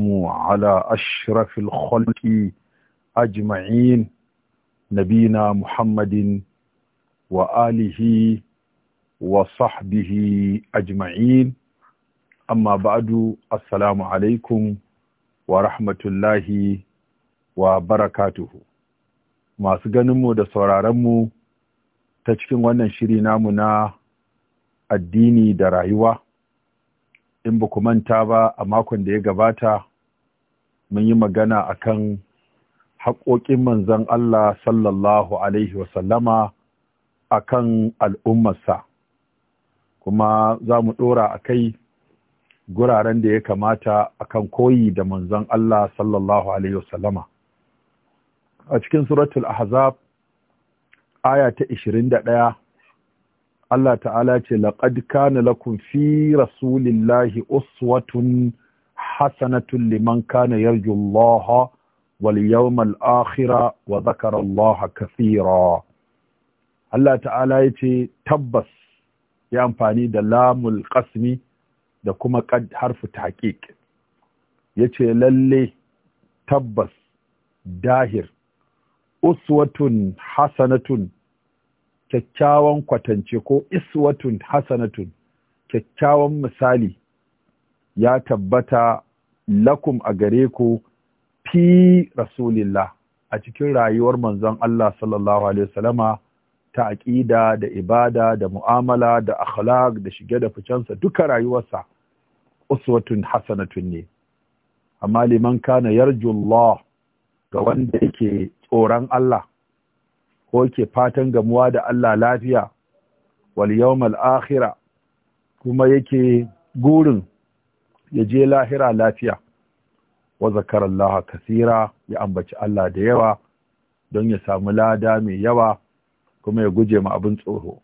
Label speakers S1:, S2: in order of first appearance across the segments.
S1: sallallahu ala ashrafil khalqi ajma'in nabina muhammadin wa alihi wa sahbihi ajma'in amma ba'du assalamu alaikum wa rahmatullahi wa barakatuhu masu ganin mu da sauraron mu ta cikin wannan shiri namu na addini da rayuwa in ba ku manta ba a makon da ya gabata mun yi magana akan haƙoƙin manzon Allah sallallahu alaihi wasallama akan al'ummarsa kuma za mu ɗora a kai guraren da ya kamata akan koyi da manzon Allah sallallahu alaihi wasallama a cikin suratul ahzab aya ta 21 Allah ta'ala ce laqad kana lakun fi rasulillahi uswatun hasanatun liman kana yarju Allah wal yawmal akhira wa zakara Allah kathira Allah ta'ala yace tabbas ya amfani da lamul qasmi da kuma qad harfu tahqiq yace lalle tabbas dahir uswatun hasanatun kyakkyawan kwatance ko iswatun hasanatun kyakkyawan misali ya tabbata lakum a gare ku fi rasulillah a cikin rayuwar manzon Allah sallallahu alaihi wasallama ta aqida da ibada da mu'amala da akhlaq da shige da ficensa duka rayuwarsa uswatun hasanatun ne amma liman kana yarjullah ga wanda yake tsoron Allah ko yake fatan gamuwa da Allah lafiya wal yawmal akhira kuma yake gurin ya je lahira lafiya wa zakarallaha kasira ya ambaci Allah da yawa don ya samu lada mai yawa kuma ya guje ma abin tsoro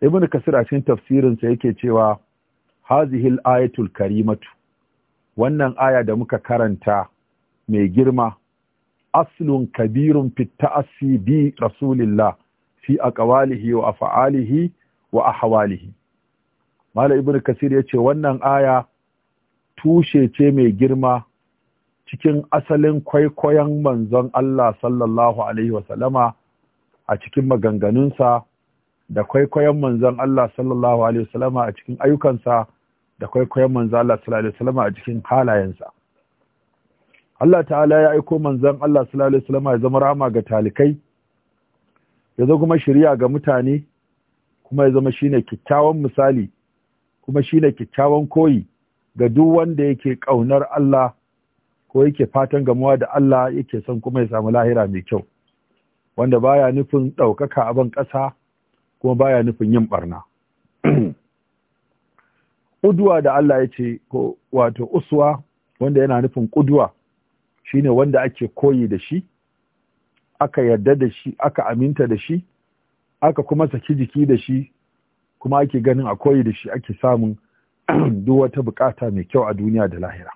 S1: ibn kasir a cikin tafsirinsa yake cewa hazihil ayatul karimatu wannan aya da muka karanta mai girma aslun kabirun fit ta'assi bi rasulillah fi aqwalihi wa af'alihi wa ahwalihi malam ibn kasir ya ce wannan aya tushe ce mai girma cikin asalin kwaikwayon manzon Allah sallallahu alaihi wasallama a cikin maganganunsa da kwaikwayon manzon Allah sallallahu alaihi wasallama a cikin ayyukansa da kwaikwayon manzon Allah sallallahu alaihi wasallama a cikin halayensa Allah ta'ala ya aiko manzon Allah sallallahu alaihi wasallama ya zama rama ga talikai ya zo kuma ga mutane kuma ya zama shine kyakkyawan misali kuma shi ne kyakkyawan koyi ga duk wanda yake ƙaunar Allah ko yake fatan gamuwa da Allah yake son kuma ya samu lahira mai kyau wanda baya nufin ɗaukaka a ban ƙasa kuma baya nufin yin ɓarna. ƙuduwa da Allah ya ce ko wato uswa wanda yana nufin ƙuduwa shine wanda ake koyi da shi aka yarda da shi aka aminta da shi aka kuma saki jiki da shi kuma ake ganin a koyi da shi ake samun duk wata bukata mai kyau a duniya da lahira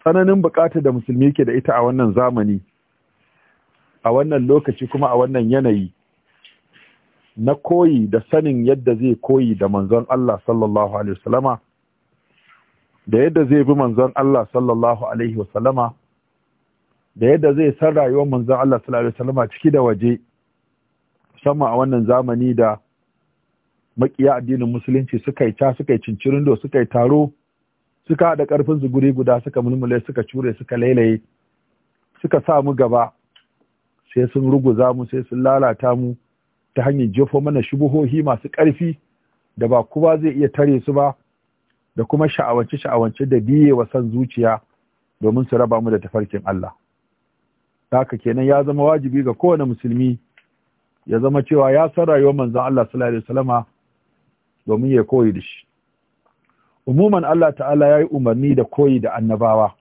S1: tsananin bukata da musulmi ke da ita a wannan zamani a wannan lokaci kuma a wannan yanayi na koyi da sanin yadda zai koyi da manzon Allah sallallahu alaihi wasallama da yadda zai bi manzon Allah sallallahu alaihi wasallama da yadda zai san rayuwar manzon Allah sallallahu alaihi wasallama ciki da waje musamman a wannan zamani da makiya addinin musulunci suka yi ta suka yi cincirin do suka yi taro suka haɗa karfin su guri guda suka mulmule suka cure suka lailaye suka sa mu gaba sai sun ruguza mu sai sun lalata mu ta hanyar jefo mana shubuhohi masu ƙarfi da ba kowa zai iya tare su ba da kuma sha'awance sha'awance da biye wa san zuciya domin su raba mu da tafarkin Allah haka kenan ya zama wajibi ga kowane musulmi ya zama cewa ya san rayuwar manzon Allah sallallahu alaihi wasallama domin ya koyi da shi umuman Allah ta'ala ya yi umarni da koyi da annabawa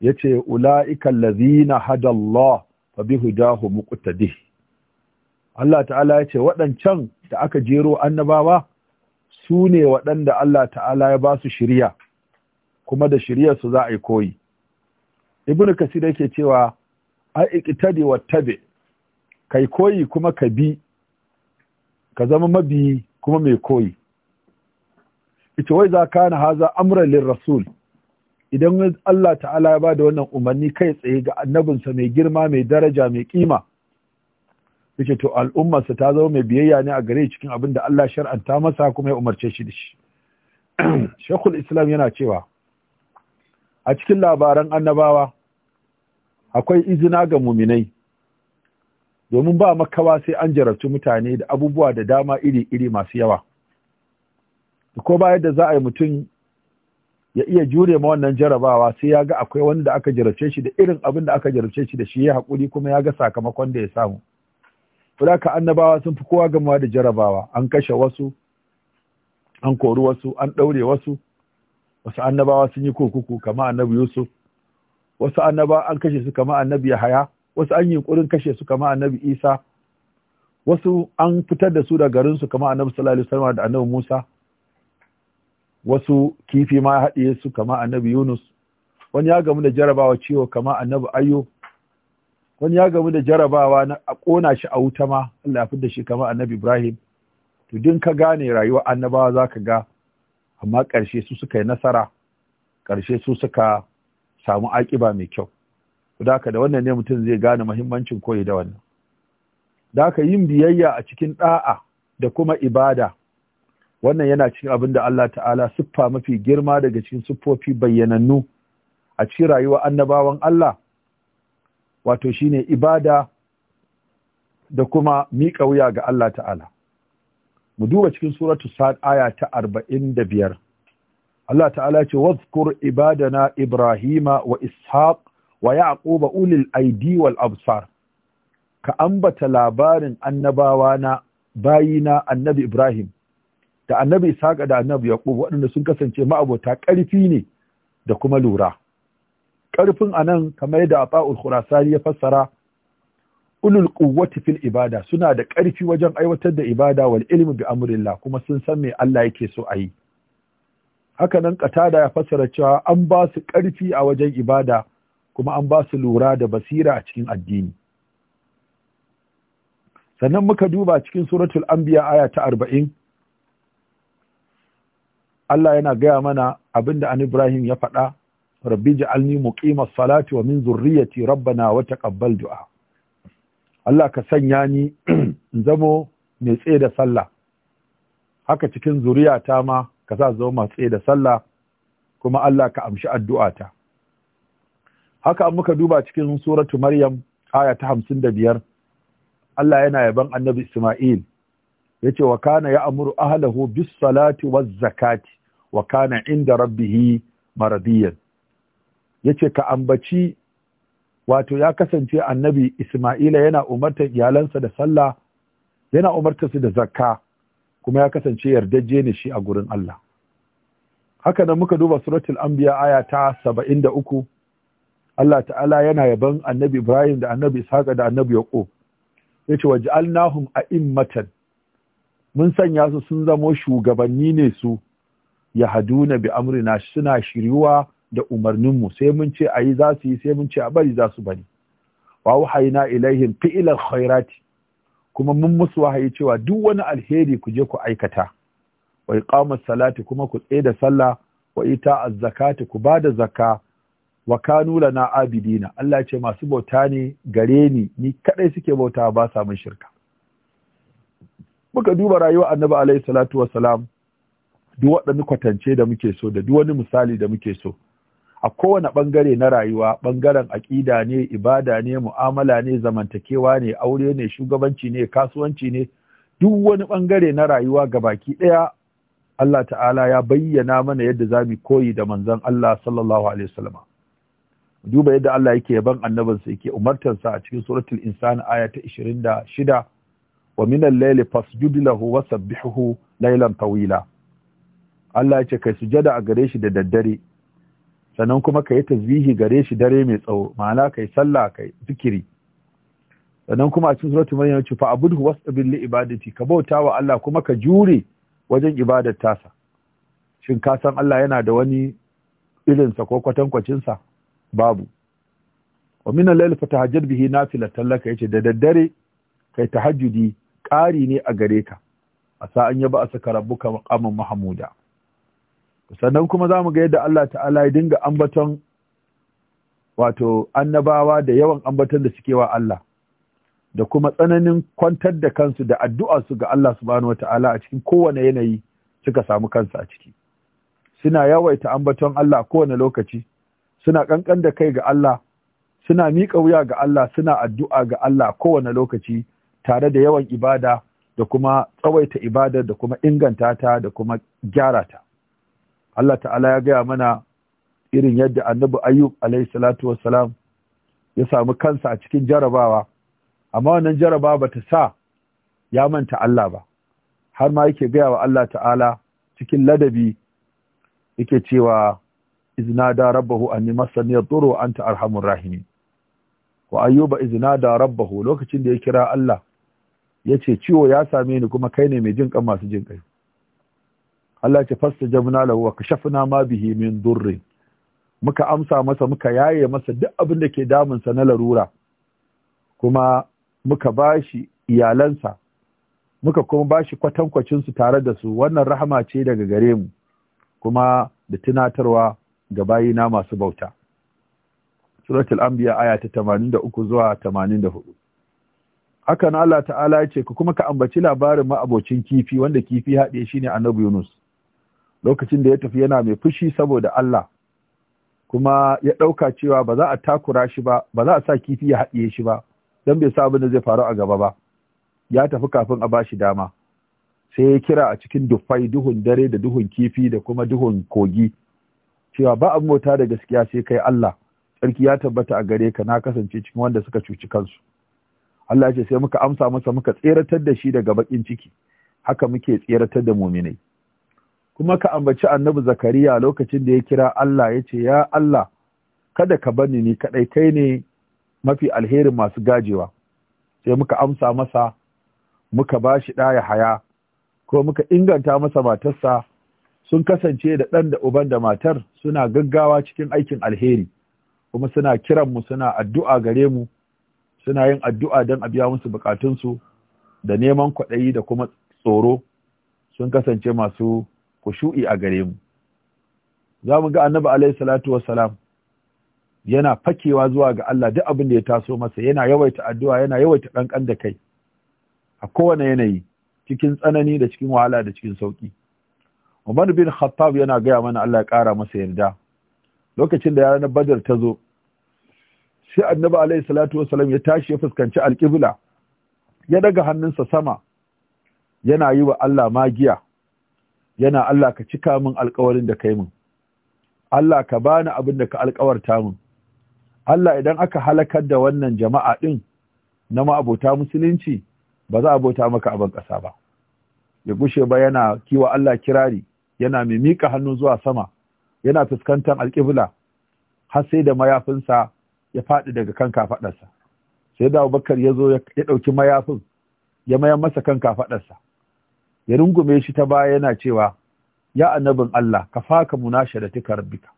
S1: ya ce ula'ikan lazina hadallah fa bi hudahu muqtadih Allah ta'ala ya ce waɗancan da aka jero annabawa su ne waɗanda Allah ta'ala ya ba su shirya kuma da shiryar su za a yi koyi Ibn kasir yake cewa ai iqtadi wattabi kai koyi kuma ka bi ka zama mabiyi kuma mai koyi ita wai za ka kana haza amran rasul idan Allah ta'ala ya ba da wannan umarni kai tsaye ga annabinsa mai girma mai daraja mai kima yace to al'ummarsa ta zama mai biyayya ne a gare cikin abin da Allah shar'anta masa kuma ya umarce shi da shi Shekul Islam yana cewa a cikin labaran annabawa akwai izina ga muminai domin ba makawa sai an jarabci mutane da abubuwa da dama iri-iri masu yawa ko ba yadda za a yi mutum ya iya jure ma wannan jarabawa sai ya ga akwai wani da aka jarabce shi da irin abin da aka jarabce shi da shi ya haƙuri kuma ya ga sakamakon da ya samu ka annabawa sun fi kowa gamawa da jarabawa an kashe wasu an kori wasu an ɗaure wasu wasu annabawa sun yi kurkuku kama annabi yusuf wasu annabawa an kashe su kama annabi yahaya wasu an yi yunkurin kashe su kama annabi isa wasu an fitar da su da garin su kama annabi salallu salama da annabi musa wasu kifi ma ya haɗiye su kama annabi yunus wani ya gamu da jarabawa ciwo kama annabi ayyo wani ya gamu da jarabawa a ƙona shi a wuta ma Allah ya fi da shi kama annabi ibrahim to din ka gane rayuwa annabawa za ka ga amma ƙarshe su suka yi nasara ƙarshe su suka samu aƙiba mai kyau da ka da wannan ne mutum zai gane muhimmancin koyi da wannan da ka yin biyayya a cikin da'a da kuma ibada wannan yana cikin abin da Allah ta'ala siffa mafi girma daga cikin siffofi bayyanannu a cikin rayuwar annabawan Allah wato shine ibada da kuma miƙa wuya ga Allah ta'ala mu duba cikin suratu sad aya ta 45 Allah ta'ala ce wazkur ibadana ibrahima wa ishaq wa yaquba ulil aidi wal absar ka ambata labarin annabawa na bayina annabi ibrahim da annabi ishaqa da annabi yaqub waɗanda sun kasance ma'abota ƙarfi ne da kuma lura ƙarfin anan kamar da ata'ul khurasani ya fassara ulul quwwati fil ibada suna da ƙarfi wajen aiwatar da ibada wal ilmi bi amrillah kuma sun san me Allah yake so a yi haka nan qatada ya fassara cewa an ba su ƙarfi a wajen ibada kuma an ba su lura da basira a cikin addini sannan muka duba cikin suratul anbiya aya ta arba'in Allah yana gaya mana abinda an Ibrahim ya faɗa rabbi ja'alni muqima salati wa min zurriyyati rabbana wa taqabbal du'a Allah ka sanya ni in zamo mai tsaye da sallah haka cikin zuriyata ma ka sa zama tsaye da sallah kuma Allah ka amshi addu'ata haka an muka duba cikin suratu maryam aya ta hamsin da biyar Allah yana yaban annabi Ismail ya ce wa kana ya amuru ahalahu bis salati wa zakati wa kana inda rabbihi maradiyan ya ce ka ambaci wato ya kasance annabi Ismaila yana umarta iyalansa da sallah yana umarta su da zakka kuma ya kasance yardajje ne shi a gurin Allah haka nan muka duba suratul anbiya aya ta 73 Allah ta'ala yana yaban annabi Ibrahim da annabi Ishaq da annabi Yaqub yace waj'alnahum a'immatan mun sanya su sun zamo shugabanni ne su yahaduna bi amrina suna shiryuwa da umarninmu sai mun ce ayi za su yi sai mun ce a bari za su bari wa wahaina ilaihim fi'ilar khairati kuma mun musu wahayi cewa duk wani alheri ku je ku aikata Wai kamar salati kuma ku tsaye da sallah wa ita a zakati ku bada da zakka wa kanu lana abidina Allah ce masu bauta ne gare ni ni kadai suke bauta ba sa min shirka muka duba rayuwar annabi alaihi salatu wassalam duk waɗanne kwatance da muke so da duk wani misali da muke so a kowane bangare na rayuwa bangaren aƙida ne ibada ne mu'amala ne zamantakewa ne aure ne shugabanci ne kasuwanci ne duk wani ɓangare na rayuwa ga baki ɗaya Allah ta'ala ya bayyana mana yadda za koyi da manzon Allah sallallahu alaihi wasallam duba yadda Allah yake yaban annabinsa yake umartarsa a cikin suratul insan aya ta 26 wa shida. layli fasjud lahu wa sabbihuhu laylan tawila Allah ya ce kai sujada a gare shi da daddare sannan kuma kai tasbihi gare shi dare mai tsawo ma'ana kai sallah kai zikiri sannan kuma a cikin suratul maryam ya ce fa abudhu wasbir li ibadati ka bauta wa Allah kuma ka jure wajen ibadar tasa shin ka san Allah yana da wani irinsa ko kwatankwacinsa babu wa min al-layl fatahajjad bihi nafilatan laka yace da daddare kai tahajjudi ƙari ne a gare ka A asa an yaba asaka rabbuka maqaman mahmuda sannan kuma za mu ga yadda Allah ta'ala ya dinga ambaton wato annabawa da yawan ambaton da suke wa Allah da kuma tsananin kwantar da kansu da addu'a su ga Allah subhanahu wata'ala a cikin kowane yanayi suka samu kansu a ciki suna yawaita ambaton Allah kowane lokaci suna kankan da kai ga Allah suna miƙa wuya ga Allah suna addu'a ga Allah kowane lokaci tare da yawan ibada da kuma tsawaita ibada, da kuma inganta ta da kuma gyara ta Allah ta'ala ya gaya mana irin yadda annabi ayyub alaihi ya samu kansa a cikin jarabawa amma wannan jarabawa bata sa ya manta Allah ba har ma yake gaya wa Allah ta'ala cikin ladabi yake cewa iznada rabbahu anni massani yadurru wa anta arhamur rahimi. wa ayyuba da rabbahu lokacin da ya kira Allah yace ciwo ya same ni kuma kai ne mai jin kan masu jin kai Allah ce fastajabna lahu wa kashafna ma bihi min durrin muka amsa masa muka yaye masa duk abin da ke damunsa na larura kuma muka bashi iyalansa muka kuma bashi kwatankwacinsu tare da su wannan rahama ce daga gare mu kuma da tunatarwa ga bayina masu bauta suratul anbiya aya ta 83 zuwa 84 haka na Allah ta'ala ya ce kuma ka ambaci labarin ma'abocin kifi wanda kifi haɗe ne annabi Yunus lokacin da ya tafi yana mai fushi saboda Allah kuma ya ɗauka cewa ba za a takura shi ba ba za a sa kifi ya haɗiye shi ba don bai sa abin da zai faru a gaba ba ya tafi kafin a bashi dama sai ya kira a cikin duffai duhun dare da duhun kifi da kuma duhun kogi cewa ba abin bauta da gaskiya sai kai Allah sarki ya tabbata a gare ka na kasance cikin wanda suka cuci kansu Allah ya ce sai muka amsa masa muka tseratar da shi daga bakin ciki haka muke tseratar da muminai kuma ka ambaci annabi zakariya lokacin da ya kira Allah ya ce ya Allah kada ka bani ni kadai kai ne mafi alherin masu gajewa sai muka amsa masa muka bashi ɗaya haya ko muka inganta masa matarsa sun kasance da ɗan da uban da matar suna gaggawa cikin aikin alheri kuma suna kiran mu suna addu'a gare mu suna yin addu'a don a biya musu bukatunsu da neman kwaɗayi da kuma tsoro sun kasance masu kushu'i a gare mu za mu ga annabi alaihi salatu wassalam yana fakewa zuwa ga Allah duk abin da ya taso masa yana yawaita addu'a yana yawaita ƙanƙan da kai a kowane yanayi cikin tsanani da cikin wahala da cikin sauki Umar bin Khattab yana gaya mana Allah ya ƙara masa yarda lokacin da ranar Badar ta zo sai Annabi alayhi salatu wasallam ya tashi ya fuskanci alƙibla ya daga hannunsa sama yana yi wa Allah magiya yana Allah ka cika min alƙawarin da kai min Allah ka bani abin da ka alƙawarta min Allah idan aka halakar da wannan jama'a din na ma'abota musulunci ba za a bauta maka abin ƙasa ba ya gushe ba yana kiwa Allah kirari yana mai miƙa hannu zuwa sama yana fuskantar alƙibla har sai da mayafinsa ya faɗi daga kan kafaɗarsa sai da abubakar ya zo ya ɗauki mayafin ya mayar masa kan kafaɗarsa ya rungume shi ta baya yana cewa ya annabin Allah ka faka munasha da tuka rabbika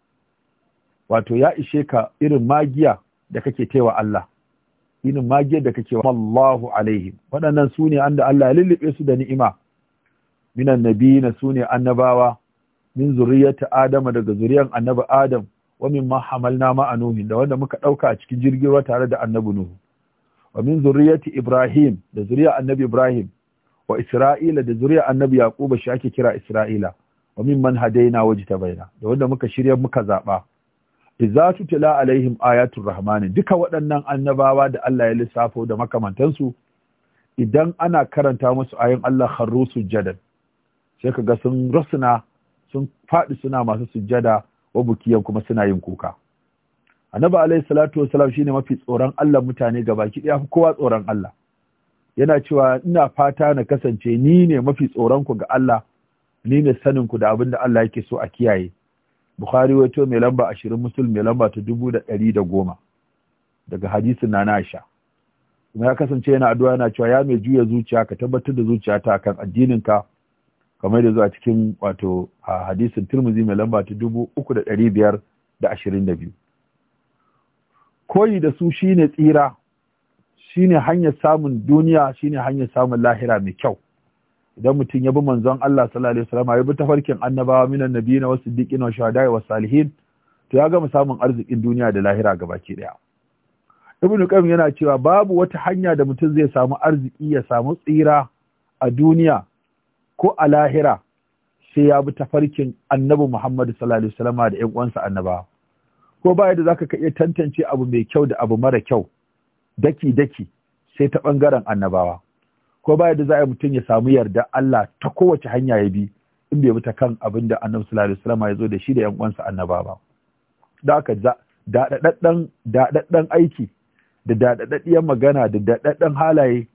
S1: wato ya ishe ka irin magiya da kake tewa Allah irin magiyar da kake wa Allahu alaihim waɗannan su ne an da Allah ya lullube su da ni'ima minan nabiyina sune annabawa min zuriyati adama daga zuriyan annabi adam wa min ma hamalna ma anuhin da wanda muka dauka a cikin jirgin ruwa tare da annabi nuhu wa min zuriyati ibrahim da zuriyar annabi ibrahim wa isra'ila da zuriya annabi yaquba shi ake kira isra'ila wa min man hadaina baina, da wanda muka shirya muka zaba idza tutila alaihim ayatul rahmani duka waɗannan annabawa da Allah ya lissafo da makamantansu idan ana karanta musu ayin Allah kharrusu jadal sai ka ga sun rasuna sun faɗi suna masu sujjada wa bukiyan kuma suna yin kuka annabi alaihi salatu wa salam shine mafi tsoron Allah mutane gabaki ɗaya fi kowa tsoron Allah yana cewa ina fata na kasance ni ne mafi tsoron ku ga Allah ni ne sanin ku da abin da Allah yake so a kiyaye Bukhari wato mai lamba ashirin musul mai lamba ta dubu da ɗari da goma daga hadisin na Aisha kuma ya kasance yana addu'a yana cewa ya mai juya zuciya ka tabbatar da zuciyata akan addininka kamar da zuwa cikin wato a hadisin turmuzi mai lamba ta dubu uku da ɗari biyar da ashirin da biyu koyi da su shine tsira shine hanyar samun duniya shine hanyar samun lahira mai kyau idan mutum ya bi manzon Allah sallallahu alaihi wasallam ya bi tafarkin annabawa minan na wasu siddiqina wasu shahadai wa salihin to ya gama samun arzikin duniya da lahira gabaki daya ibnu qayyim yana cewa babu wata hanya da mutum zai samu arziki ya samu tsira a duniya ko a lahira sai ya bi tafarkin annabi Muhammadu sallallahu alaihi wasallam da ƴan uwansa annaba ko ba yadda zaka ka iya tantance abu mai kyau da abu mara kyau daki daki sai ta bangaren annabawa ko baya da za a mutum ya samu yarda Allah ta kowace hanya ya bi in bai bi kan abin da annabi sallallahu alaihi wasallam ya zo da shi da ƴan uwansa annaba ba da da daɗaɗɗen aiki da daɗaɗɗiyar magana da daɗaɗɗen halaye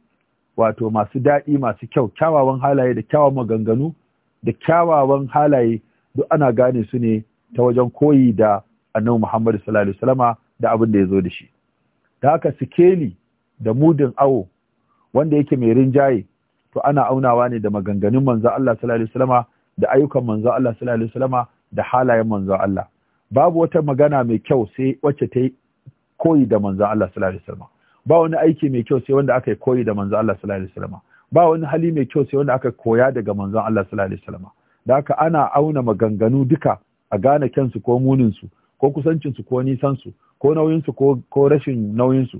S1: wato masu daɗi masu kyau kyawawan halaye da kyawawan maganganu da kyawawan halaye duk ana gane su ne ta wajen koyi da annabi Muhammad sallallahu alaihi wasallama da abin da ya zo da shi da haka sikeli da mudin awo wanda yake mai rinjaye to ana aunawa ne da maganganun manzo Allah sallallahu alaihi wasallama da ayyukan manzo Allah sallallahu alaihi wasallama da halayen manzo Allah babu wata magana mai kyau sai wacce ta koyi da manzo Allah sallallahu alaihi wasallama ba wani aiki mai kyau sai wanda aka yi koyi da manzon Allah sallallahu alaihi wasallam ba wani hali mai kyau sai wanda aka koya daga manzon Allah sallallahu alaihi wasallam da haka ana auna maganganu duka a gane kyansu ko muninsu ko kusancinsu ko nisansu ko nauyinsu ko, ko rashin nauyinsu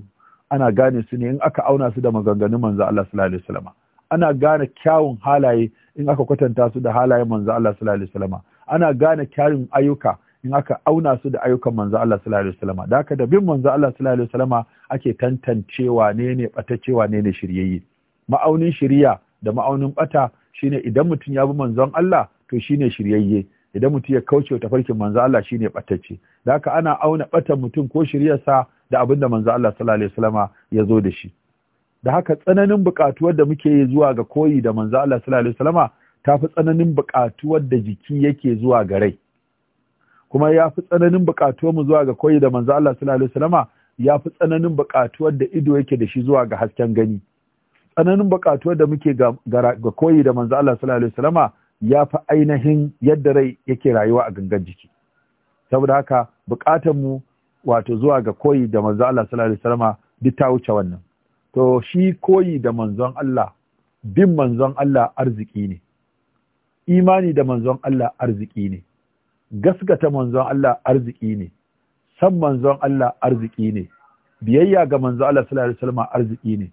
S1: ana gane su ne in aka auna su da maganganun manzon Allah sallallahu alaihi wasallam ana gane kyawun halaye in aka kwatanta su da halayen manzon Allah sallallahu alaihi wasallam ana gane kyawun ayyuka in aka auna su da ayyukan manzo Allah sallallahu alaihi wasallama da haka da bin manzo Allah sallallahu alaihi wasallama ake tantancewa ne ne batacewa ne ne shiryayye ma'aunin shiriya da ma'aunin bata shine idan mutum ya bi manzon Allah to shine shiryayye idan mutum ya kauce wa tafarkin manzo Allah shine batacce da haka ana auna batan mutum ko shiryarsa da abin da manzo Allah sallallahu alaihi wasallama ya zo da shi da haka tsananin bukatuwar da muke yi zuwa ga koyi da manzo Allah sallallahu alaihi wasallama tafi tsananin bukatuwar da jiki yake zuwa ga rai kuma ya fi tsananin buƙatuwar mu zuwa ga koyi da manzo Allah sallallahu alaihi wasallama ya fi tsananin buƙatuwar da ido yake da shi zuwa ga hasken gani tsananin buƙatuwar da muke ga koyi da manzo Allah sallallahu alaihi wasallama ya fi ainihin yadda rai yake rayuwa a gangan jiki saboda haka buƙatar mu wato zuwa ga koyi da manzo Allah sallallahu alaihi wasallama duk ta wuce wannan to shi koyi da manzon Allah bin manzon Allah arziki ne imani da manzon Allah arziki ne gaskata manzon Allah arziki ne san manzon Allah arziki ne biyayya ga manzon Allah sallallahu alaihi wasallam arziki ne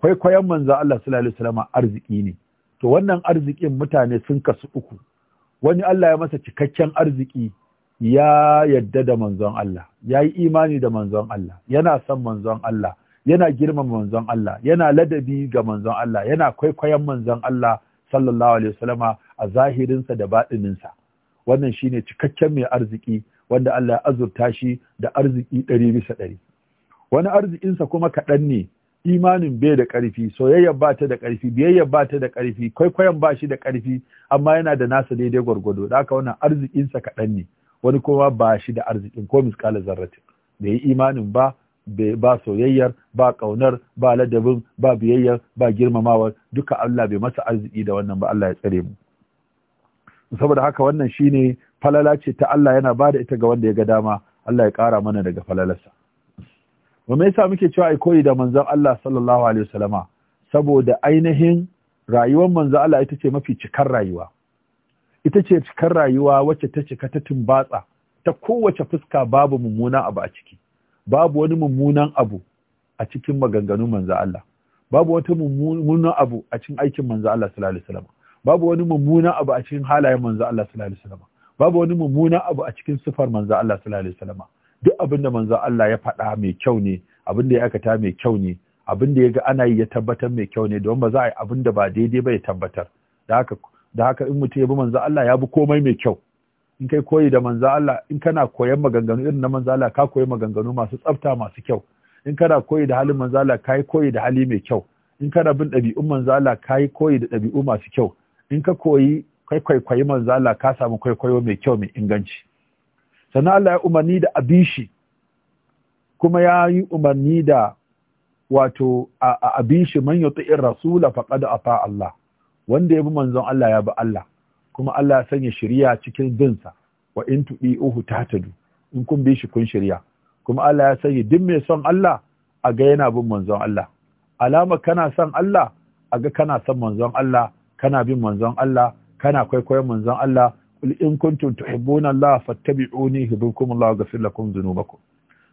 S1: kwaikwayon manzon Allah sallallahu alaihi wasallam arziki ne to wannan arzikin mutane sun kasu uku wani Allah ya masa cikakken arziki ya yadda da manzon Allah ya yi imani da manzon Allah yana son manzon Allah yana girmama manzon Allah yana ladabi ga manzon Allah yana kwaikwayon manzon Allah sallallahu alaihi wasallama a zahirinsa da baɗininsa wannan shi ne cikakken mai arziki wanda Allah ya azurta shi da arziki ɗari bisa ɗari wani arzikinsa kuma kaɗan ne imanin bai da ƙarfi soyayyar ba ta da ƙarfi biyayyar ba ta da ƙarfi kwaikwayon ba shi da ƙarfi amma yana da nasa daidai gwargwado da aka wannan arzikinsa kaɗan ne wani kuma ba shi da arzikin ko miskala zarratin bai yi imanin ba ba soyayyar ba ƙaunar ba ladabin ba biyayyar ba girmamawar duka Allah bai masa arziki da wannan ba Allah ya tsare mu saboda haka wannan shine falala ce ta Allah yana bada ita ga wanda ya ga dama Allah ya ƙara mana daga falalarsa wa me yasa muke cewa ai koyi da manzon Allah sallallahu alaihi wasallama saboda ainihin rayuwar manzon Allah ita ce mafi cikar rayuwa ita ce cikar rayuwa wacce ta cika ta tumbatsa ta kowace fuska babu mummunan abu a ciki babu wani mummunan abu a cikin maganganun manzon Allah babu wata mummunan abu a cikin aikin manzon Allah sallallahu alaihi wasallama babu wani mummuna abu a cikin halayen manzo Allah sallallahu alaihi wasallam babu wani mummuna abu a cikin sifar manzo Allah sallallahu alaihi wasallam duk abin da manzo Allah ya faɗa mai kyau ne abin ya aikata mai kyau ne abinda da ya ga ana yi ya tabbatar mai kyau ne don ba za a yi abin da ba daidai ba ya tabbatar da haka da haka in mutum ya bi manzo Allah ya bi komai mai kyau in kai koyi da manzo Allah in kana koyan maganganu irin na manzo Allah ka koyi maganganu masu tsafta masu kyau in kana koyi da halin manzo Allah kai koyi da hali mai kyau in kana bin ɗabi'un manzo Allah kai koyi da ɗabi'u masu kyau in ka koyi kwaikwaikwayi man ka samu kwaikwayo mai kyau mai inganci sannan Allah ya umarni da abishi kuma ya yi umarni da wato a abishi man yuti'ir rasula da afa Allah wanda ya bi manzon Allah ya bi Allah kuma Allah ya sanya shirya cikin binsa wa in ta tahtadu in kun bi shi kun shirya kuma Allah ya sanya duk mai son Allah a ga yana bin manzon Allah alama kana son Allah a ga kana son manzon Allah kana bin manzon Allah kana kwaikwayon manzon Allah kul in kuntum tuhibbuna Allah fattabi'uni yuhibbukum Allah wa yaghfir lakum dhunubakum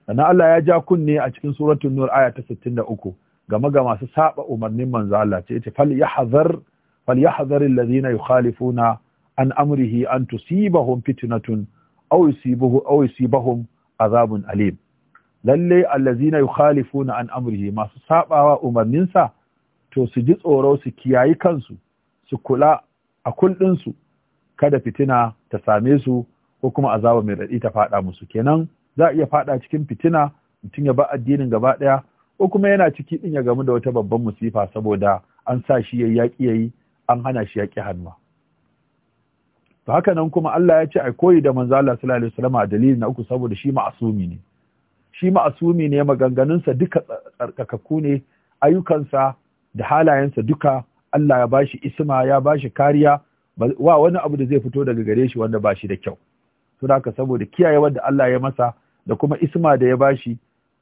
S1: sannan Allah ya ja kunne a cikin suratul nur aya ta 63 game ga masu saba umarnin manzon Allah ce yace fal yahzar fal yahzar alladhina yukhalifuna an amrihi an tusibahum fitnatun aw yusibuhu aw yusibahum azabun alim lalle allazina yukhalifuna an amrihi masu sabawa umarninsa to su ji tsoro su kiyayi kansu su kula a kullunsu kada fitina ta same su ko kuma azaba mai raɗi ta faɗa musu kenan za a iya faɗa cikin fitina mutum ya ba addinin gaba ɗaya ko kuma yana ciki ɗin ya gamu da wata babban musifa saboda an sa shi ya yaƙi yayi an hana shi yaƙi hannuwa to haka nan kuma Allah ya ce ai koyi da manzo Allah sallallahu alaihi wasallam a dalili na uku saboda shi ma'asumi ne shi ma'asumi ne maganganunsa duka tsarkakakku ne ayyukansa da halayensa duka Allah ya bashi isma ya bashi kariya wa wani abu da zai fito daga gare shi wanda bashi da kyau to haka saboda kiyaye wanda Allah ya masa da kuma isma da ya bashi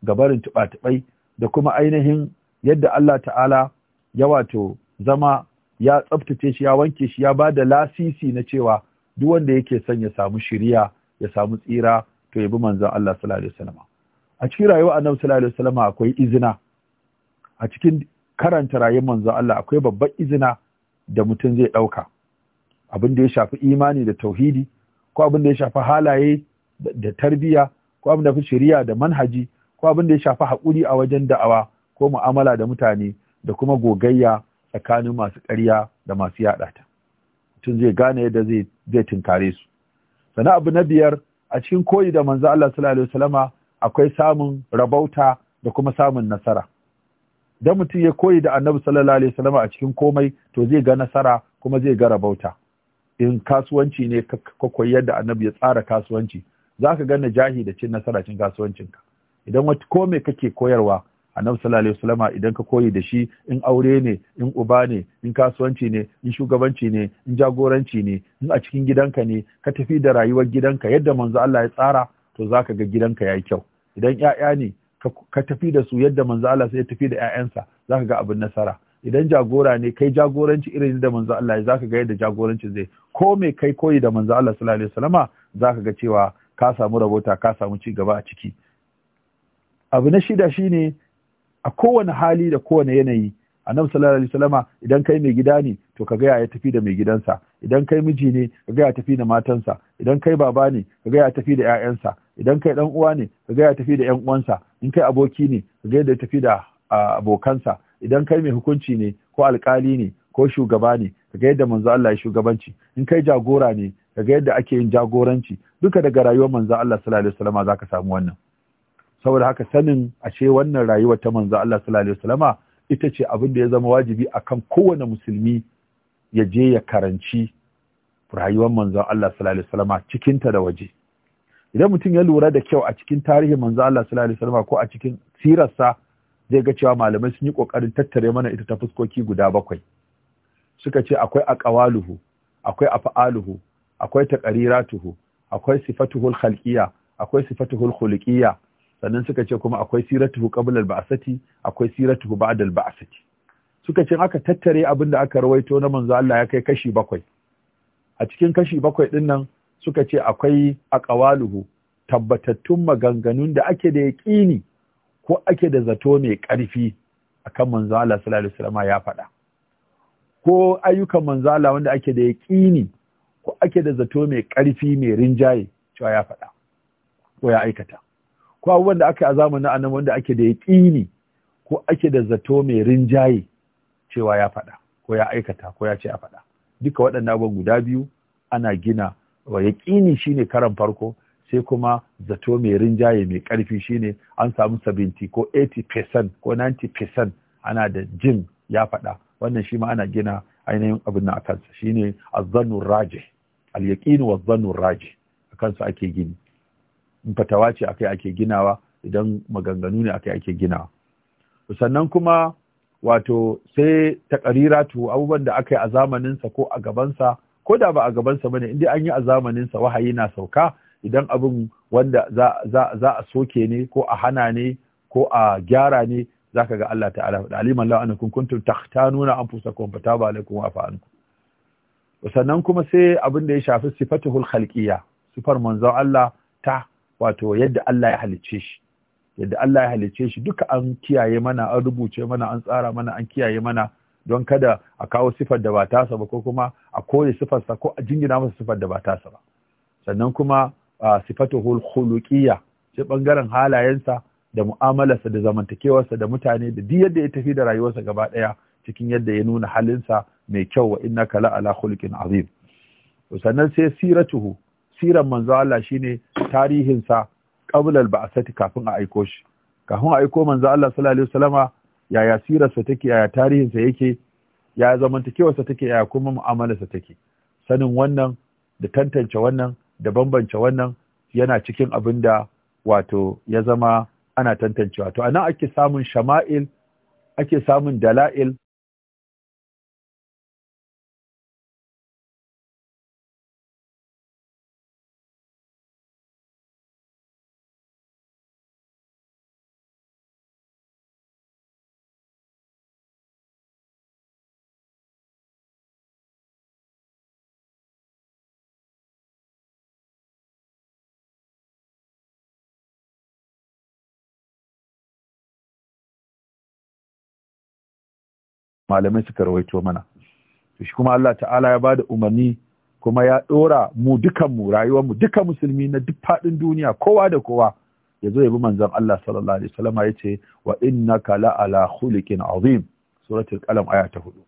S1: ga barin tuɓa da kuma ainihin yadda Allah ta'ala ya wato zama ya tsaftace shi ya wanke shi ya ba da lasisi na cewa duk wanda yake son ya samu shiriya ya samu tsira to ya bi manzon Allah sallallahu alaihi wasallam a cikin rayuwar Annabi sallallahu alaihi wasallam akwai izina a cikin karanta rayuwar manzon Allah akwai babbar izina da mutum zai ɗauka abin da ya shafi imani da tauhidi ko abin da ya shafi halaye da tarbiyya ko abin da fi shari'a da manhaji ko abin da ya shafi hakuri a wajen da'awa ko mu'amala da mutane da kuma gogayya tsakanin masu ƙarya da masu yaɗa ta mutum zai gane yadda zai zai tinkare su sannan abu na biyar a cikin koyi da manzo Allah sallallahu alaihi wasallama akwai samun rabauta da kuma samun nasara dan mutum ya koyi da annabi sallallahu alaihi wasallam a cikin komai to zai ga nasara kuma zai ga rabauta in kasuwanci ne ka koyi yadda annabi ya tsara kasuwanci Za ka ga najahi da cin nasara cin kasuwancinka idan wata kome kake koyarwa annabi sallallahu alaihi wasallam idan ka koyi da shi in aure ne in uba ne in kasuwanci ne in shugabanci ne in jagoranci ne in a cikin gidanka ne ka tafi da rayuwar gidanka yadda manzo Allah ya tsara to zaka ga gidanka yayi kyau idan ƴaƴa ne ka tafi da su yadda manzo Allah sai ya tafi da ƴaƴansa zaka ga abin nasara idan jagora ne kai jagoranci irin da manzo Allah ya zaka ga yadda jagoranci zai ko me kai koyi da manzo Allah sallallahu alaihi wasallama zaka ga cewa ka samu rabota ka samu ci gaba a ciki abu na shida shine a kowane hali da kowane yanayi annabi sallallahu alaihi wasallama idan kai mai gida ne to ka ga ya tafi da mai gidansa idan kai miji ne ka ga ya tafi da matansa idan kai baba ne ka ga ya tafi da ƴaƴansa idan kai dan uwa ne ka ga ya tafi da ƴan uwansa in kai aboki ne ga yadda tafi da abokansa idan kai mai hukunci ne ko alkali ne ko shugaba ne ga yadda manzo Allah ya shugabanci in kai jagora ne ga yadda ake yin jagoranci duka daga rayuwar manzo Allah sallallahu alaihi wasallama zaka samu wannan saboda haka sanin ashe wannan rayuwar ta manzo Allah sallallahu alaihi wasallama ita ce abin da ya zama wajibi akan kowane musulmi ya je ya karanci rayuwar manzo Allah sallallahu alaihi wasallama cikinta da waje idan mutum ya lura da kyau a cikin tarihin manzo Allah sallallahu alaihi ko a cikin sirarsa zai ga cewa malamai sun yi kokarin tattare mana ita ta fuskoki guda bakwai suka ce akwai aqwaluhu akwai af'aluhu akwai tuhu, akwai sifatuhul khalqiyya akwai sifatuhul khuluqiyya sannan suka ce kuma akwai siratuhu qabla al-ba'sati akwai siratuhu ba'da al-ba'sati suka ce aka tattare abinda aka rawaito na manzo Allah ya kai kashi bakwai a cikin kashi bakwai din suka ce akwai aqwaluhu tabbatattun maganganun da ake da yaƙini ko ake da zato mai ƙarfi akan manzo Allah sallallahu alaihi wasallam ya faɗa ko ayyukan manzo Allah wanda ake da yaƙini ko ake da zato mai ƙarfi mai rinjaye cewa ya faɗa ko ya aikata ko abubuwan da aka yi a zamanin annabi wanda ake da yaƙini ko ake da zato mai rinjaye cewa ya faɗa ko ya aikata ko ya ce ya faɗa duka waɗannan abubuwan guda biyu ana gina wa shi shine karan farko sai kuma zato mai rinjaye mai karfi shine an samu 70 ko 80% ko 90% ana da jin ya faɗa wannan shi ma ana gina ainihin abin na kansa. Shi ne rajih raje alyaƙini wa raje a kansu ake gini in fatawa ce akai ake ginawa idan maganganu ne akai ake ginawa sannan kuma wato sai takariratu abubuwan da aka yi a zamaninsa ko a gabansa ko da ba a gabansa ba ne. inda an yi a zamaninsa wahayi na sauka idan abin wanda za a soke ne ko a hana ne ko a gyara ne zaka ga Allah ta'ala da aliman la annakum kuntum takhtanuna anfusakum fataba alaikum wa afa ankum sannan kuma sai abin da ya shafi Hul khalqiyya sifar manzon Allah ta wato yadda Allah ya halicce shi yadda Allah ya halicce shi duka an kiyaye mana an rubuce mana an tsara mana an kiyaye mana don kada a kawo sifar da ba tasa ba ko kuma a kore sifarsa ko a jingina masa sifar da ba tasa ba sannan kuma a sifatuhul khuluqiyya sai bangaren halayensa da mu'amalarsa da zamantakewarsa da mutane da duk yadda ya tafi da rayuwarsa gaba daya cikin yadda ya nuna halinsa mai kyau wa innaka kala ala khuluqin azim sannan sai siratuhu siran manzo Allah shine tarihinsa qabla al-ba'sati kafin a aiko shi kafin a aiko manzo Allah sallallahu alaihi wasallama yaya sirarsa take yaya tarihinsa yake ya zamantakewarsa take yaya kuma mu'amalarsa take sanin wannan da tantance wannan da bambance wannan yana cikin abin da wato ya zama ana tantancewa to anan ake samun shama'il ake samun dala'il malamai suka rawaito mana shi kuma Allah ta'ala ya ba da umarni kuma ya ɗora mu dukanmu rayuwar mu duka musulmi na duk fadin duniya kowa da kowa ya zo ya bi manzon Allah sallallahu alaihi wasallam ya ce wa innaka la ala khuliqin azim suratul qalam aya ta hudu.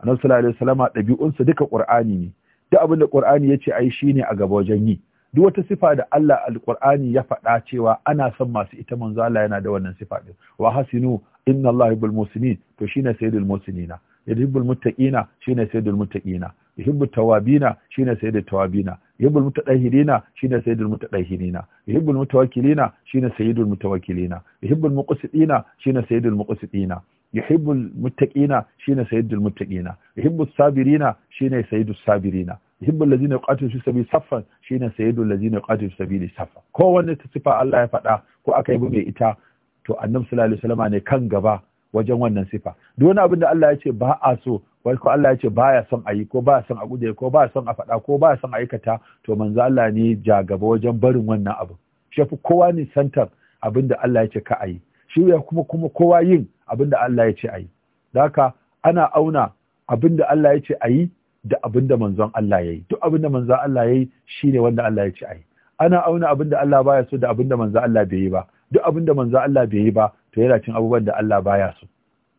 S1: annabi sallallahu alaihi wasallam dabi'unsa duka qur'ani ne duk abin da qur'ani ce ai ne a gaba wajen yi duk wata sifa da Allah alqur'ani ya faɗa cewa ana son masu ita manzo Allah yana da wannan sifa din wa hasinu inna Allah yuhibbul muslimin to shine sayyidul muslimina yuhibbul muttaqina shine sayyidul muttaqina yuhibbut tawabina shine sayyidul tawabina yuhibbul mutatahhirina shine sayyidul mutatahhirina yuhibbul mutawakkilina shine sayyidul mutawakkilina yuhibbul muqsitina shine sayyidul muqsitina yuhibbul muttaqina shine sayyidul muttaqina yuhibbus sabirina shine sayyidus sabirina yuhibbul ladina yuqatilu fi sabili saffan shine sayyidul ladina yuqatilu fi sabili saffa kowanne ta sifa Allah ya faɗa ko aka yi mai ita to annabi sallallahu alaihi wasallam ne kan gaba wajen wannan sifa duk wani abin da Allah ya ce ba a so ko Allah ya ce baya son a yi ko baya son a gude ko baya son a faɗa ko baya son a aikata to manzo Allah ne ja gaba wajen barin wannan abu Shefu kowa ne santar abin da Allah ya ce ka a yi shi ya kuma kuma kowa yin abin da Allah ya ce a yi haka ana auna abin da Allah ya ce a yi da abin da manzon Allah ya yi duk abin da manzon Allah ya yi shine wanda Allah ya ce a yi ana auna abin da Allah baya so da abin da manzon Allah bai yi ba duk abin da manzo Allah bai yi ba to yana cin abubuwan da Allah baya so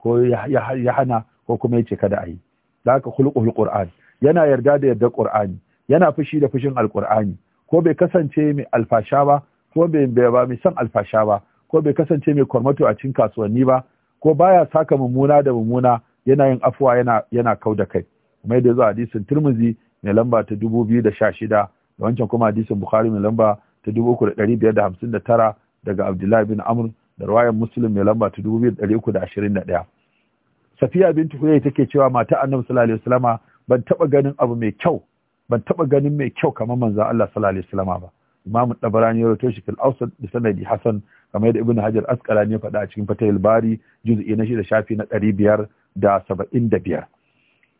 S1: ko ya hana ko kuma yace kada a yi da haka qur'an yana yarda da yarda qur'ani yana fushi da fushin alqur'ani ko bai kasance mai alfasha ba ko bai ba mai son alfasha ba ko bai kasance mai kwarmato a cikin kasuwanni ba ko baya saka mumuna da mumuna, yana yin afuwa yana yana kau da kai mai da zuwa hadisin Turmuzi mai lamba ta 2016 da wancan kuma hadisin Bukhari mai lamba ta 3559 daga Abdullahi bin Amr da ruwayar Muslim mai lamba ta 2321 Safiya bintu Huyay take cewa mata Annabi sallallahu alaihi wasallama ban taba ganin abu mai kyau ban taba ganin mai kyau kamar manzon Allah sallallahu alaihi wasallama ba Imam Dabarani ya rawaito shi fil Awsat da sanadi Hasan kamar yadda Ibn Hajar Asqalani ya faɗa a cikin Fatahil Bari juz'i na shida shafi na 575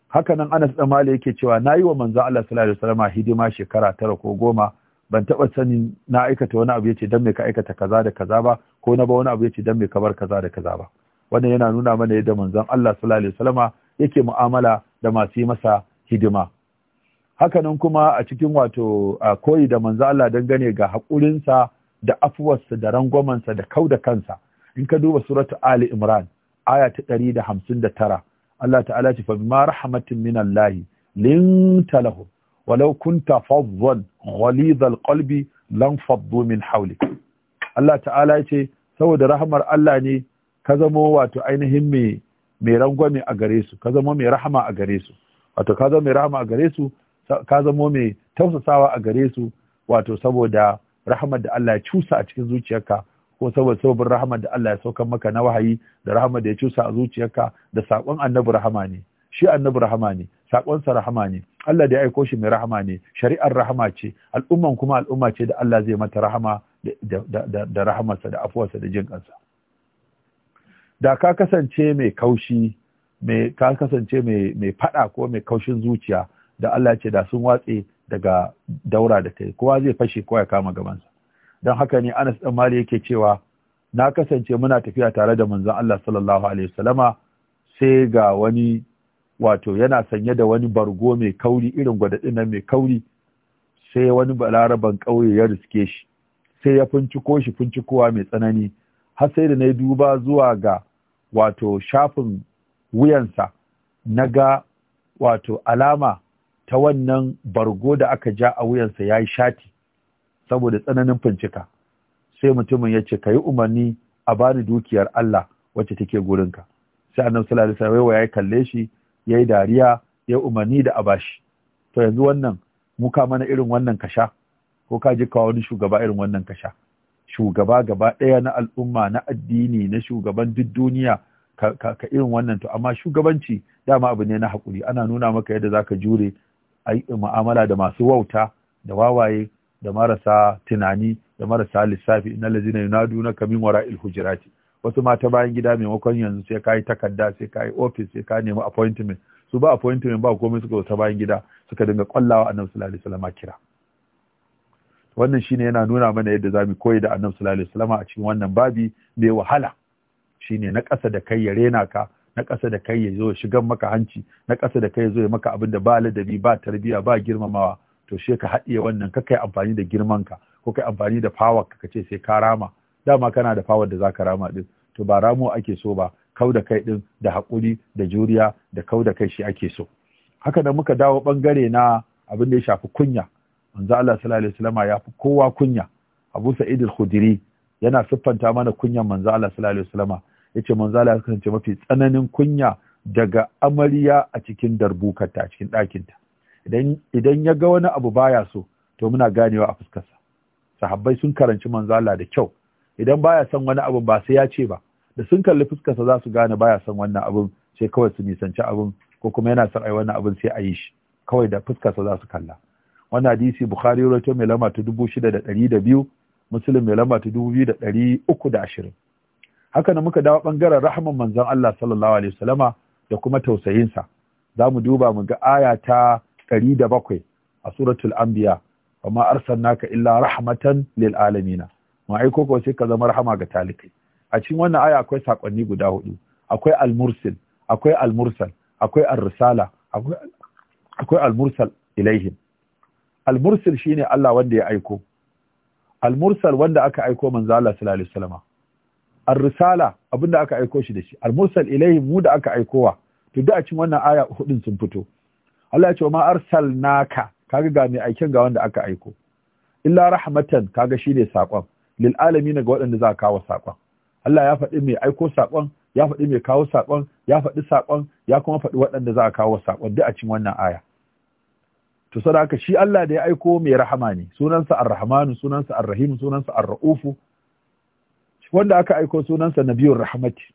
S1: haka nan Anas dan Malik yake cewa nayi wa manzon Allah sallallahu alaihi wasallama hidima shekara tara ko goma ban taɓa sanin na aikata wani abu yace dan me ka aikata kaza da kaza ba ko na ba wani abu yace dan me ka bar kaza da kaza ba wannan yana nuna mana yadda manzon Allah sallallahu alaihi wasallama yake mu'amala da masu yi masa hidima hakanan kuma a cikin wato koyi da manzon Allah dangane ga haƙurinsa da afuwarsa da rangwamansa da kau da kansa in ka duba suratu Ali Imran aya ta 159 Allah ta'ala ce fa bima rahmatin minallahi lin lahum walau kunta fazzan ghalidhal qalbi lan faddu min hawlik Allah ta'ala yace saboda rahmar Allah ne ka zamo wato ainihin mai mai rangwame a gare su ka zamo mai rahama a gare su wato ka zamo me rahama a gare su ka zamo mai tausasawa a gare su wato saboda rahmar da Allah ya cusa a cikin zuciyarka ko saboda sababin rahamar da Allah ya sauka maka na wahayi da rahamar da ya cusa a zuciyarka da sakon annabi rahama ne shi annabi rahama ne sakonsa rahama ne Allah da ya aiko shi mai rahama ne shari'ar rahama ce al'umman kuma al'umma ce da Allah zai mata rahama da rahamarsa da afuwarsa da jin kansa da ka kasance mai kaushi ka kasance mai fada ko mai kaushin zuciya da Allah ce da sun watse daga daura da kai kowa zai fashe kowa ya kama gabansa don haka ne Anas dan Mali yake cewa na kasance muna tafiya tare da manzon Allah sallallahu alaihi wasallama sai ga wani wato yana sanye da wani bargo mai kauri irin gwadaɗin nan mai kauri sai wani balaraban ƙauye ya riske shi sai ya finciko shi fincikowa mai tsanani har sai da na duba zuwa ga wato shafin wuyansa na ga wato alama ta wannan bargo da aka ja a wuyansa ya yi shati saboda tsananin fincika sai mutumin ya ce ka yi umarni a bani dukiyar Allah wacce take gurinka sai annabi sallallahu alaihi wasallam ya kalle shi ya yi dariya ya umarni da abashi to yanzu wannan muka mana irin wannan kasha ko ka ji kawo wani shugaba irin wannan kasha shugaba gaba ɗaya na al'umma na addini na shugaban duk duniya ka, irin wannan to amma shugabanci dama abu ne na haƙuri ana nuna maka yadda za ka jure a mu'amala da masu wauta da wawaye da marasa tunani da marasa lissafi inna lazina na kamin wara'il hujurati wasu mata bayan gida maimakon yanzu sai ka yi takarda sai ka yi ofis sai ka nemi appointment su ba appointment ba komai suka ta bayan gida suka dinga kwallawa annabi sallallahu alaihi wasallam kira wannan shine yana nuna mana yadda zamu koyi da annabi sallallahu alaihi wasallam a cikin wannan babi mai wahala shine na ƙasa da kai ya rena ka na ƙasa da kai ya zo shiga maka hanci na ƙasa da kai ya zo ya maka abin da ba ladabi ba tarbiyya, ba girmamawa to shi ka haɗiye wannan ka kai amfani da girman ka ko kai amfani da power ka ce sai ka rama dama kana da fawar da zaka rama din to ba ramo ake so ba kau da kai din da hakuri da juriya da kau da kai shi ake so haka da muka dawo bangare na abin da ya shafi kunya manzo Allah sallallahu alaihi wasallama ya fi kowa kunya Abu Sa'id al-Khudri yana siffanta mana kunyan manzo Allah sallallahu alaihi wasallama yace manzo Allah ya kasance mafi tsananin kunya daga amarya a cikin darbukarta a cikin ɗakinta idan idan ya ga wani abu baya so to muna ganewa a fuskarsa sahabbai sun karanci manzo Allah da kyau idan baya son wani abu ba sai ya ce ba da sun kalli fuskarsa za su gane baya son wannan abin sai kawai su nisanci abin ko kuma yana son ai wannan abin sai a yi shi kawai da fuskarsa za su kalla wannan hadisi bukhari rawaito mai lamba ta dubu shida da ɗari da biyu muslim mai lamba ta dubu biyu da ɗari uku da ashirin haka na muka dawo bangaren rahman manzon Allah sallallahu alaihi wasallama da kuma tausayinsa za mu duba mu ga aya ta ɗari da bakwai a suratul anbiya wa ma arsalnaka illa rahmatan lil alamina ma aiko ko sai ka zama rahama ga talikai a cikin wannan aya akwai sakonni guda hudu akwai almursil akwai almursal akwai ar akwai almursal. ilaihim almursil shine Allah wanda ya aiko Almursal wanda aka aiko manzo Allah sallallahu alaihi wasallam ar abinda aka aiko shi da shi almursal ilaihim mu da aka aikowa to da a cikin wannan aya hudun sun fito Allah ya ce ma arsalnaka kaga ga mai aikin ga wanda aka aiko illa rahmatan kaga shine sakon lil alamin ga waɗanda za kawo saƙon Allah ya faɗi mai aiko saƙon ya faɗi mai kawo saƙon ya faɗi saƙon ya kuma faɗi waɗanda za a kawo saƙon duk a cikin wannan aya to saboda shi Allah da ya aiko mai rahama ne sunansa ar-rahmanu sunansa ar-rahim sunansa ar-ra'ufu wanda aka aiko sunansa nabiyur rahmati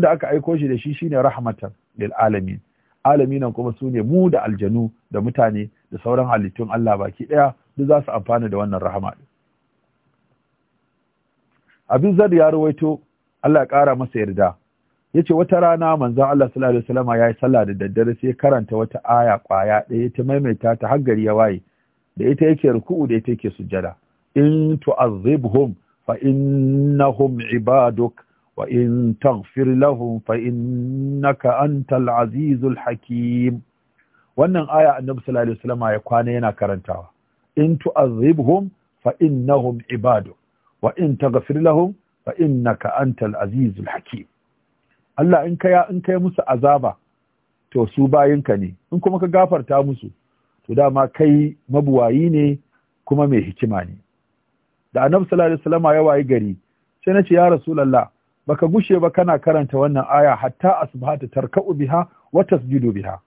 S1: da aka aiko shi da shi shine rahmatan lil alamin alaminan kuma sune mu da aljanu da mutane da sauran halittun Allah baki ɗaya duk za su amfana da wannan rahama din abin zar ya rawaito Allah ya ƙara masa yarda yace wata rana manzo Allah sallallahu alaihi wasallam ya yi sallah da daddare sai karanta wata aya kwaya ɗaya ta maimaita ta har gari ya waye da ita yake ruku'u da ita yake sujjada in tu'azzibhum fa innahum ibaduk wa in taghfir lahum fa innaka antal azizul hakim wannan aya annabi sallallahu alaihi wasallam ya kwana yana karantawa in tu'azzibhum fa innahum ibaduk wa in taghfir lahum fa innaka antal azizul hakim Allah in kai in kai musu azaba to su bayinka ne in kuma ka gafarta musu to dama kai mabuwayi ne kuma mai hikima ne da annabi sallallahu alaihi wasallam ya wayi gari sai nace ya rasulullah baka gushe ba kana karanta wannan aya hatta asbahata tarka'u biha wa tasjudu biha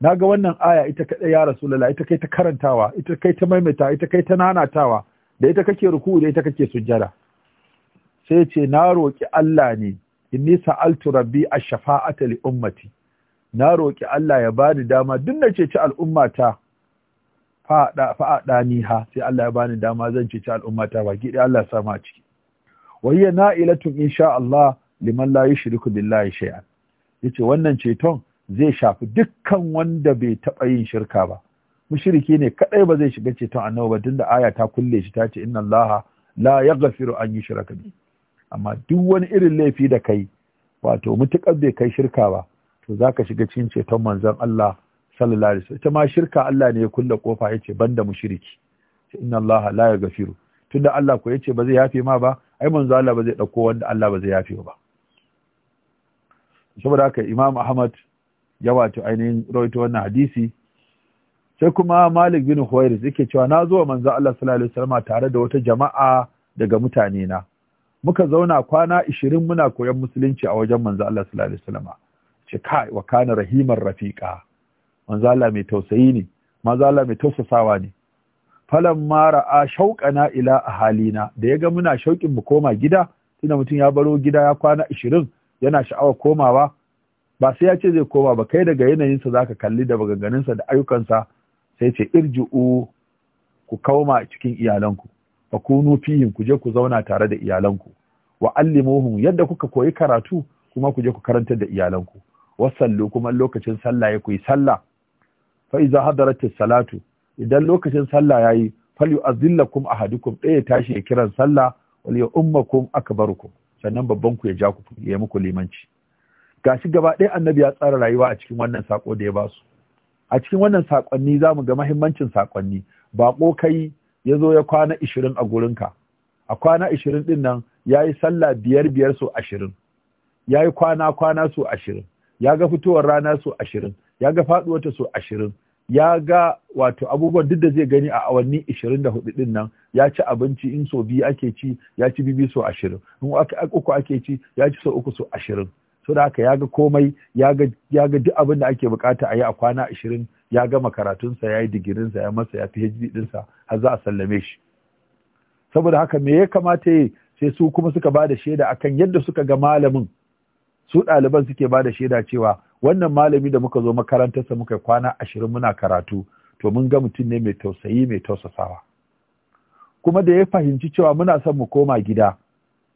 S1: naga wannan aya ita kadai ya rasulullah ita kai ta karantawa ita kai ta maimaita ita kai ta nanatawa da ita kake ruku da ita kake sujjada sai ce na roki Allah ne inni sa'altu rabbi ash-shafa'ata li ummati na roki Allah ya bani dama duk na ceci al'ummata fa'ada fa'ada ni ha sai Allah ya bani dama zan ceci al'ummata baki dai Allah ya sa ma ciki wa hiya na'ilatun insha Allah liman la yushriku billahi shay'an yace wannan ceton zai shafi dukkan wanda bai taɓa yin shirka ba mushriki ne kadai ba zai shiga ceton annabi ba tunda aya ta kulle shi ta ce inna allaha la yaghfiru an yushraka bi amma duk wani irin laifi da kai wato mutukar bai kai shirka ba to zaka shiga cikin ceton manzon Allah sallallahu alaihi wasallam ita ma shirka Allah ne ya kulle kofa yace banda mushriki inna allaha la yaghfiru tunda Allah ko yace ba zai yafe ma ba ai manzon Allah ba zai dauko wanda Allah ba zai yafe ba saboda haka Imam Ahmad ya wato ainihin rawaito wannan hadisi sai kuma Malik bin Huwairis yake cewa na zo manzo Allah sallallahu alaihi wasallam tare da wata jama'a daga mutane na muka zauna kwana 20 muna koyon musulunci a wajen manzo Allah sallallahu alaihi wasallam ce kai wa kana rahimar rafiqa manzo Allah mai tausayi ne manzo Allah mai tausasawa ne falan mara a na ila a na. da ya ga muna shauƙin mu koma gida tunda mutum ya baro gida ya kwana 20 yana sha'awar komawa ba sai ya ce zai koma ba kai daga yanayinsa zaka kalli da bagaganinsa da ayyukansa sai ce irji'u ku kauma cikin iyalanku fa kunu fihim ku je ku zauna tare da iyalanku wa allimuhum yadda kuka koyi karatu kuma ku je ku karantar da iyalanku sallu kuma lokacin sallah ya kuyi sallah fa iza hadaratis salatu idan lokacin sallah yayi falyu'azzillakum ahadukum ɗaya tashi ya kiran sallah wal ya'ummakum aka akbarukum sannan babban ku ya ja ku ya muku limanci gashi gaba ɗaya annabi ya tsara rayuwa a cikin wannan sako da ya basu a cikin wannan sakonni za mu ga mahimmancin sakonni baƙo kai ya zo ya kwana ishirin a gurinka a kwana ishirin ɗin nan ya yi sallah biyar biyar su ashirin ya yi kwana kwana su ashirin ya ga fitowar rana su ashirin ya ga ta su ashirin ya ga wato abubuwan duk da zai gani a awanni 24 din nan ya ci abinci in so biyu ake ci ya ci bibi so 20 in uku ake ci ya ci so uku so 20 so da haka ya ga komai ya ga duk abin da ake bukata a yi a kwana ashirin ya gama karatunsa ya yi digirinsa ya masa ya fi hajji ɗinsa har za a sallame shi saboda haka me ya kamata yi sai su kuma suka ba da shaida akan yadda suka ga malamin su ɗaliban suke ba da shaida cewa wannan malami da muka zo makarantarsa muka kwana ashirin muna karatu to mun ga mutum ne mai tausayi mai tausasawa kuma da ya fahimci cewa muna son mu koma gida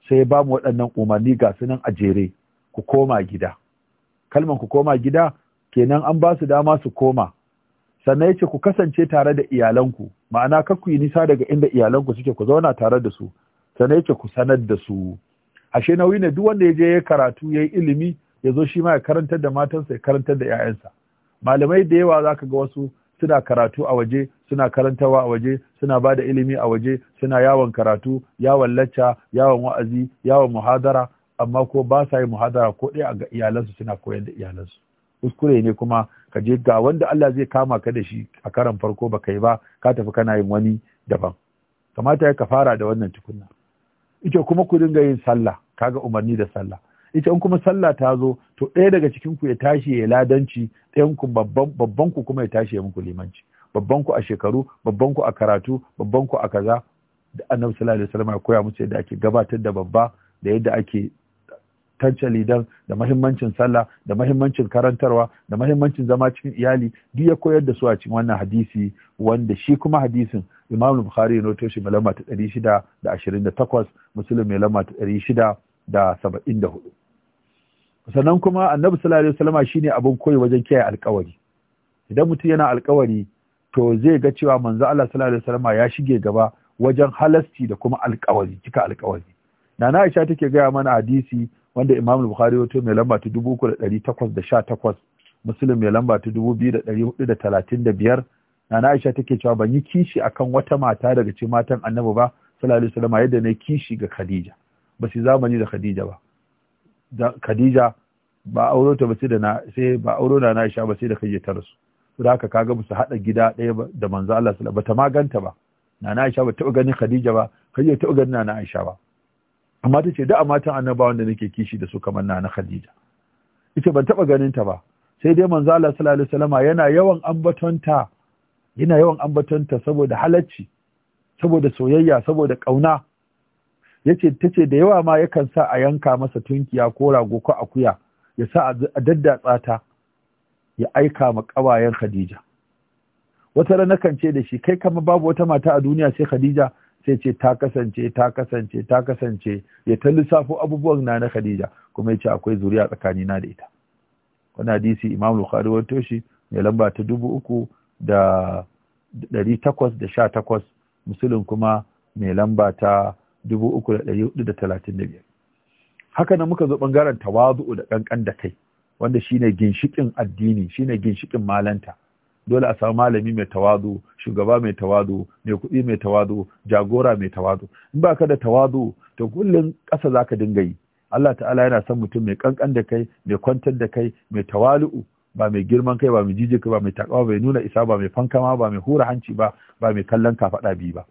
S1: sai ya ba mu waɗannan umarni ga su nan a jere ku koma gida kalman ku koma gida kenan an ba su dama su koma sannan yace ku kasance tare da iyalanku ma'ana kar ku yi nisa daga inda iyalanku suke ku zauna tare da su sannan yace ku sanar da su ashe nauyi ne duk wanda ya je ya karatu ya yi ilimi ya zo shi ma ya karantar da matansa ya karantar da 'ya'yansa malamai da yawa za ka ga wasu suna karatu a waje suna karantawa a waje suna ba da ilimi a waje suna yawon karatu yawon lacca yawon wa'azi yawon muhadara amma ko ba sa yi muhadara ko ɗaya ga iyalansu suna koyar da iyalansu kuskure ne kuma ka je ga wanda Allah zai kama ka da shi a karan farko ba yi ba ka tafi kana yin wani daban kamata ya ka fara da wannan tukunna ita kuma ku dinga yin sallah kaga umarni da sallah ita in kuma sallah ta zo to ɗaya daga cikin ku ya tashi ya ladanci ɗayan ku babban babban ku kuma ya tashi ya muku limanci babban ku a shekaru babban ku a karatu babban ku a kaza da annabi sallallahu alaihi wasallam ya koya musu yadda ake gabatar da babba da yadda ake tantance lidan da mahimmancin sallah da mahimmancin karantarwa da mahimmancin zama cikin iyali duk ya koyar da su a cikin wannan hadisi wanda shi kuma hadisin Imam Bukhari ya noto shi malama ta 628 Muslim mai lamba ta 674 sannan kuma Annabi sallallahu alaihi wasallama shine abin koyi wajen kiyaye alƙawari idan mutum yana alƙawari to zai ga cewa manzo Allah sallallahu alaihi wasallama ya shige gaba wajen halasti da kuma alƙawari cika alƙawari Nana Aisha take gaya mana hadisi wanda Imam Bukhari wato mai lamba ta 3818 musulun mai lamba ta 2435 Nana Aisha take cewa ban yi kishi akan wata mata daga cikin matan Annabi ba sallallahu alaihi wasallam yadda na kishi ga Khadija ba su zamani da Khadija ba da Khadija ba auro ta ba sai da na sai ba auro na Aisha ba sai da Khadija ta rasu da haka kaga ga musu hada gida ɗaya da manzo Allah sallallahu alaihi wasallam ba ta maganta ba Nana Aisha ba taɓa ganin Khadija ba Khadija taɓa ganin Nana Aisha ba amma ta ce da matan annabawan da nake kishi da su kamar na Khadija ita ban taba ganin ta ba sai dai manzo Allah sallallahu alaihi wasallama yana yawan ambatonta yana yawan ambatonta saboda halacci saboda soyayya saboda kauna yace tace da yawa ma yakan sa a yanka masa tunkiya ko rago ko akuya ya sa a daddatsa ta ya aika ma kawayen Khadija wata rana kan ce da shi kai kama babu wata mata a duniya sai Khadija sai ce ta kasance ta kasance ta kasance ya ta lissafo abubuwan na na Khadija kuma ya ce akwai zuriya tsakani na da ita wani hadisi Imam Bukhari wato shi mai lamba ta dubu uku da ɗari takwas da sha takwas musulun kuma mai lamba ta dubu uku da ɗari hudu da talatin da biyar haka na muka zo ɓangaren tawazu'u da ƙanƙan da kai wanda shine ginshiƙin addini shine ginshiƙin malanta dole a samu malami mai tawadu shugaba mai tawadu mai kuɗi mai tawadu jagora mai tawadu in ba ka da tawadu to kullum ƙasa za ka dinga yi Allah ta'ala yana son mutum mai kankan da kai mai kwantar da kai mai tawali'u ba mai girman kai ba mai kai, ba mai takawa mai nuna isa ba mai fankama ba mai hura hanci ba ba mai kallon kafaɗa biyu ba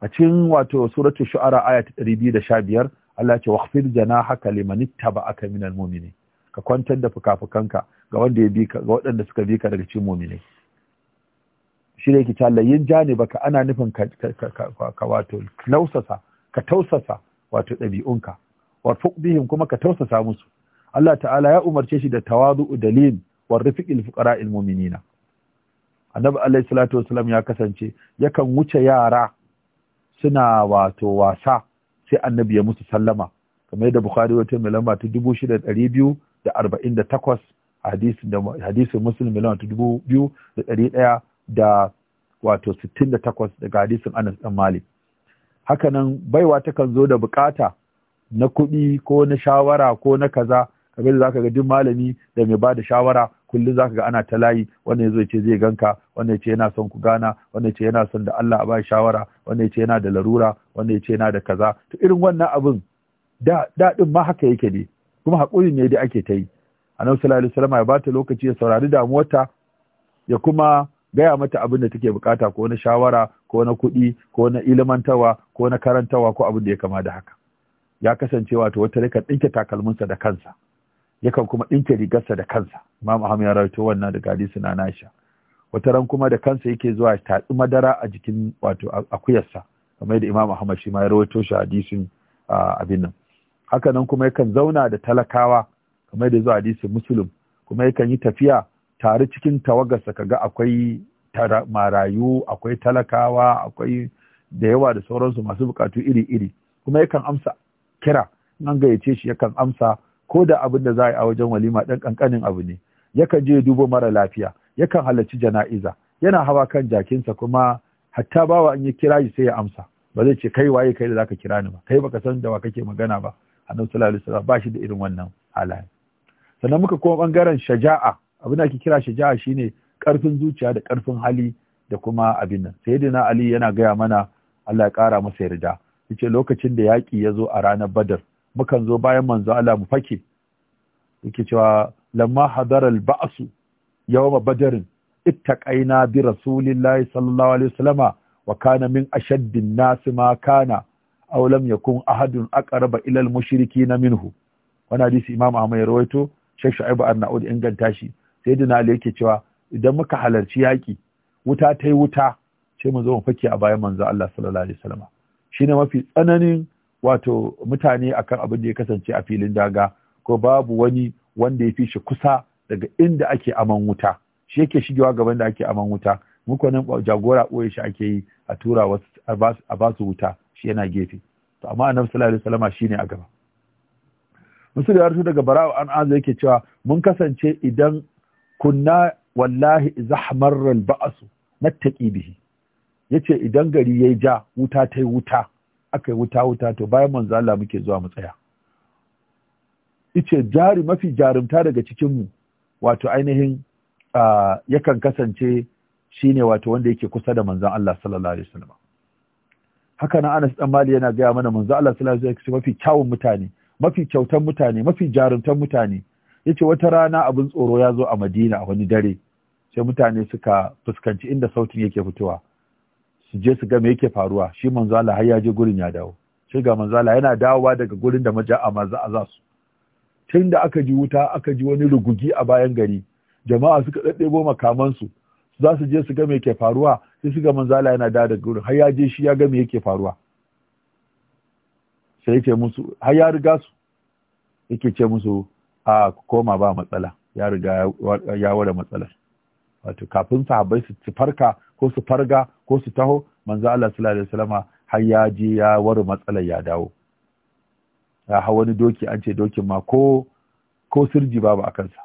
S1: a cikin wato suratul shu'ara ayat 215 Allah ce haka janahaka liman ittaba'aka minal mu'minin ka kwantar da fukafukanka ga wanda ya bi ka ga waɗanda suka bi ka daga cikin mu'minai shi ne yake cewa yin jani baka ana nufin ka wato nausasa ka tausasa wato ɗabi'unka wa fuqbihim kuma ka tausasa musu Allah ta'ala ya umarce shi da tawadu'u dalil wa rifiqil fuqara'il mu'minina annabi alaihi salatu ya kasance yakan wuce yara suna wato wasa sai annabi ya musu sallama kamar da bukhari wata mai lamba ta biyu. da arba'in da takwas hadisin muslim miliyan dubu biyu da ɗari ɗaya da wato sittin da takwas daga hadisin anas ɗan malik hakanan baiwa takan zo da bukata na kuɗi ko na shawara ko na kaza kamar da zaka ga duk malami da mai ba da shawara kullum zaka ga ana ta layi wannan zo ce zai ganka wannan ce yana son ku gana wannan ce yana son da Allah a ba shawara wannan ce yana da larura wannan ce yana da kaza to irin wannan abin da da ma haka yake ne kuma haƙuri ne da ake ta yi annabi sallallahu alaihi wasallam ya bata lokaci ya saurari damuwarta ya kuma gaya mata abin da take bukata ko na shawara ko na kuɗi ko na ilmantawa ko na karantawa ko abin da ya kama da haka ya kasance wato wata rika ɗinke takalminsa da kansa yakan kuma ɗinke rigarsa da kansa imam ahmad ya rawaito wannan daga hadisi na nasha wata ran kuma da kansa yake zuwa tatsi madara a jikin wato akuyarsa kamar da imam ahmad shi ma ya rawaito shi hadisin abin nan haka nan kuma yakan zauna da talakawa kamar da zuwa hadisi musulun kuma yakan yi tafiya tare cikin tawagarsa ka ga akwai marayu akwai talakawa akwai da yawa da sauransu masu bukatu iri-iri kuma yakan amsa kira in an gayyace shi yakan amsa ko da abin da za a yi a wajen walima ɗan ƙanƙanin abu ne yakan je dubo mara lafiya yakan halarci jana'iza yana hawa kan jakinsa kuma hatta bawa an yi kira shi sai ya amsa ba zai ce kai waye kai da zaka kira ni ba kai baka san da wa kake magana ba annabi sallallahu alaihi wasallam ba shi da irin wannan halaye sannan muka kuma bangaren shaja'a abin da ake kira shaja'a shine karfin zuciya da karfin hali da kuma abin nan sayyidina ali yana gaya mana Allah ya kara masa yarda yace lokacin da yaki ya zo a ranar badar mukan zo bayan manzo Allah mu fake yake cewa lamma hadara al-ba'su yawma badrin ittaqaina bi rasulillahi sallallahu alaihi wasallama wa kana min ashaddin nas ma kana aw lam yakun ahadun aqrab ila al na minhu wannan hadisi imam ahmad ya rawaito shaykh shu'aib an-na'ud inganta shi Sai sayyidina ali yake cewa idan muka halarci yaki wuta ta yi wuta sai mu zo mu fake a bayan manzo Allah sallallahu alaihi wasallam shine mafi tsananin wato mutane akan abin da ya kasance a filin daga ko babu wani wanda ya fi shi kusa daga inda ake aman wuta shi yake shigewa gaban da ake aman wuta muku nan jagora ɓoye shi ake yi a tura wasu a basu wuta yana gefe to amma annabi sallallahu alaihi wasallam shine a gaba musul ya daga bara'u an an yake cewa mun kasance idan kunna wallahi zahmar ba'asu, al nattaqi bihi yace idan gari yayi ja wuta tai wuta akai wuta wuta to bayan manzo Allah muke zuwa mu tsaya ice jari mafi jarumta daga cikin mu wato ainihin ah, yakan kasance shine wato wanda yake kusa da manzon Allah sallallahu alaihi wasallam haka nan Anas dan Mali yana gaya mana manzo Allah sallallahu alaihi wasallam mafi kyawun mutane mafi kyautan mutane mafi jaruntan mutane yace wata rana abin tsoro ya zo a Madina wani dare sai mutane suka fuskanci inda sautin yake fitowa su je su ga me yake faruwa shi manzo Allah har ya je gurin ya dawo sai ga manzo Allah yana dawowa daga gurin da maja'a maza a za su Tunda aka ji wuta aka ji wani rugugi a bayan gari jama'a suka daddebo makamansu za su je su ga me ke faruwa sai su ga manzala yana da da gurin har ya je shi ya ga me yake faruwa sai ce musu har ya riga su yake ce musu a koma ba matsala ya riga ya wada matsala. wato kafin sahabbai su farka ko su farga ko su taho manzo Allah sallallahu alaihi wasallama har ya je ya ware matsala ya dawo ya ha wani doki an ce dokin ma ko ko sirji babu a kansa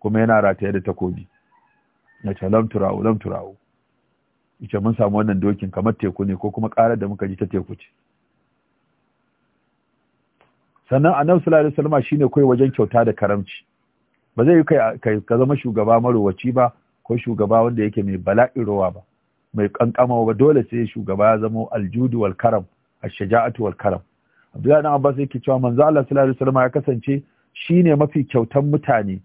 S1: kuma yana rataye da takobi na ce lam turawu lam turawu mun samu wannan dokin kamar teku ne ko kuma ƙarar da muka ji ta teku ce sannan annabi sallallahu alaihi wasallam shine kai wajen kyauta da karamci ba zai kai ka zama shugaba marowaci ba ko shugaba wanda yake mai bala'in rowa ba mai kankama ba dole sai shugaba ya zama aljudu wal karam ash-shaja'atu wal karam Abdullahi dan Abbas yake cewa manzo Allah sallallahu alaihi ya kasance shine mafi kyautan mutane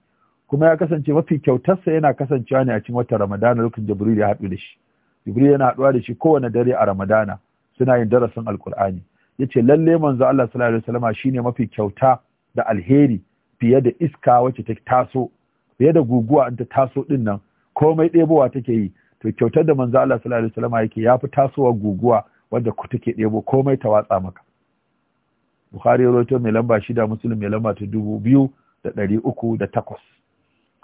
S1: kuma ya kasance mafi kyautarsa yana kasancewa ne a cikin watan ramadana lokacin jibril ya haɗu da shi jibril yana haɗuwa da shi kowane dare a ramadana suna yin darasin alkur'ani ya ce lalle manzo allah sallallahu alaihi wasallama shine mafi kyauta da alheri fiye da iska wacce ta taso fiye da guguwa in ta taso din nan komai ɗebowa take yi to kyautar da manzo allah sallallahu alaihi wasallama yake ya fi tasowa guguwa wanda ku take ɗebo komai ta watsa maka Bukhari ya mai lamba shida Muslim mai lamba ta dubu biyu da ɗari uku da takwas.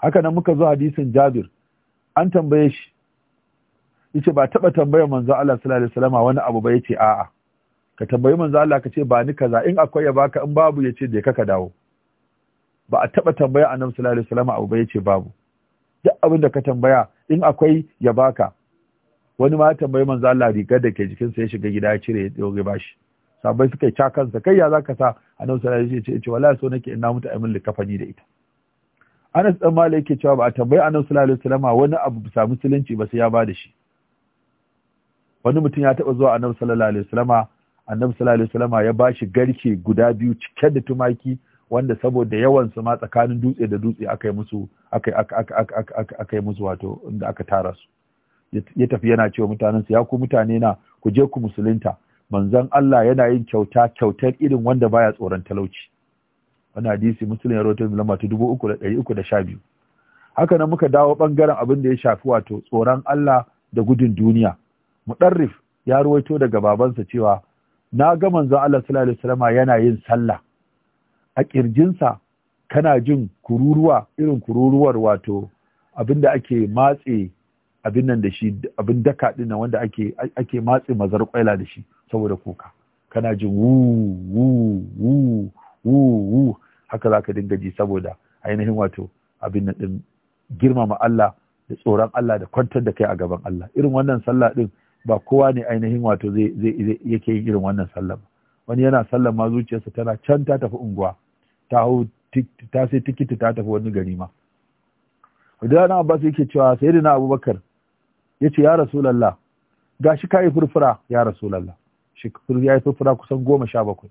S1: haka nan muka zo hadisin jabir an tambaye shi yace ba taba tambayar manzo Allah sallallahu alaihi wasallam wani abu ba yace a'a ka tambayi manzo Allah ka ce ba ni kaza in akwai ya baka in babu yace je ka ka dawo ba a taba tambaya annabi sallallahu alaihi wasallam abu ba yace babu duk abin da ka tambaya in akwai ya baka wani ma ya tambayi manzo Allah rigar da ke jikinsa ya shiga gida ya cire ya doge bashi sabai suka yi cakansa kai ya zaka sa annabi sallallahu alaihi wasallam ya ce wallahi so nake ina mutu min likafani da ita Anas ɗan Malik yake cewa ba a tambayi Annabi sallallahu alaihi wasallam wani abu bisa musulunci ba sai ya bada shi wani mutum ya taɓa zuwa Annabi sallallahu alaihi wasallam Annabi sallallahu alaihi wasallam ya bashi garke guda biyu cike da tumaki wanda saboda yawan su ma tsakanin dutse da dutse aka yi musu aka aka musu wato inda aka tara su ya tafi yana cewa mutanen su ya ku mutane na ku je ku musulunta manzon Allah yana yin kyauta kyautar irin wanda baya tsoron talauci wani hadisi musulun ya rawaito lamba ta dubu uku da ɗari uku da sha biyu haka nan muka dawo ɓangaren abin da ya shafi wato tsoron Allah da gudun duniya Mu ɗarrif, ya ruwaito daga babansa cewa na ga manzon Allah sallallahu alaihi wasallam yana yin sallah a kirjinsa kana jin kururuwa irin kururuwar wato abin da ake matse abin nan da shi abin daka din nan wanda ake ake matse mazar kwaila da shi saboda kuka kana jin wu wu wu wuwu haka za ka dinga ji saboda ainihin wato abin na ɗin girmama Allah da tsoron Allah da kwantar da kai a gaban Allah irin wannan sallah ɗin ba kowa ne ainihin wato zai zai yake yin irin wannan sallah ba wani yana sallar ma zuciyarsa tana can ta tafi unguwa ta hau ta sai tikiti ta tafi wani gari ma Abdullahi Abbas yake cewa sai na Abubakar yace ya rasulullah gashi kai furfura ya rasulullah shi furfura yi furfura kusan goma sha bakwai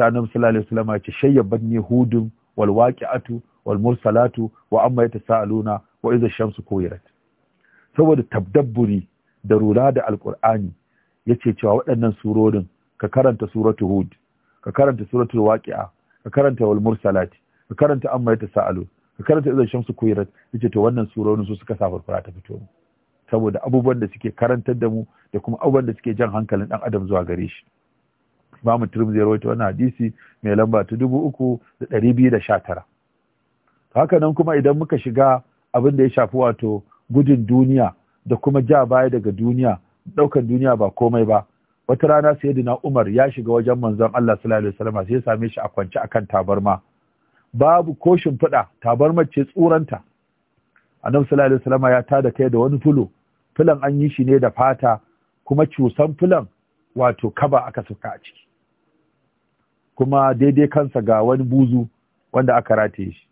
S1: sanan sallallahu alaihi wasallam ya ce shayyabban ne hudun wal waqi'atu wal mursalatu wa amma yatasaaluna wa shamsu kuwirat saboda tabdabburi da rura da alqur'ani yace cewa waɗannan surorin ka karanta suratu hud ka karanta suratul waqi'a ka karanta wal mursalati ka karanta amma yatasaalun ka karanta idza shamsu kuwirat yace to wannan surorin su suka sa farfara ta fito saboda abubuwan da suke karantar da mu da kuma abubuwan da suke jan hankalin ɗan adam zuwa gare shi Imam Tirmidhi ya rawaito wannan hadisi mai lamba ta sha haka nan kuma idan muka shiga abin da ya shafi wato gudun duniya da kuma ja baya daga duniya ɗaukar duniya ba komai ba wata rana sayyidina Umar ya shiga wajen manzon Allah sallallahu alaihi wasallam sai ya same shi a kwance akan tabarma babu ko shimfiɗa tabarmar ce tsuranta annabi sallallahu alaihi wasallam ya tada kai da wani fulo filan an yi shi ne da fata kuma cusan filan wato kaba aka saka a ciki kuma daidai kansa ga wani buzu wanda aka rataye shi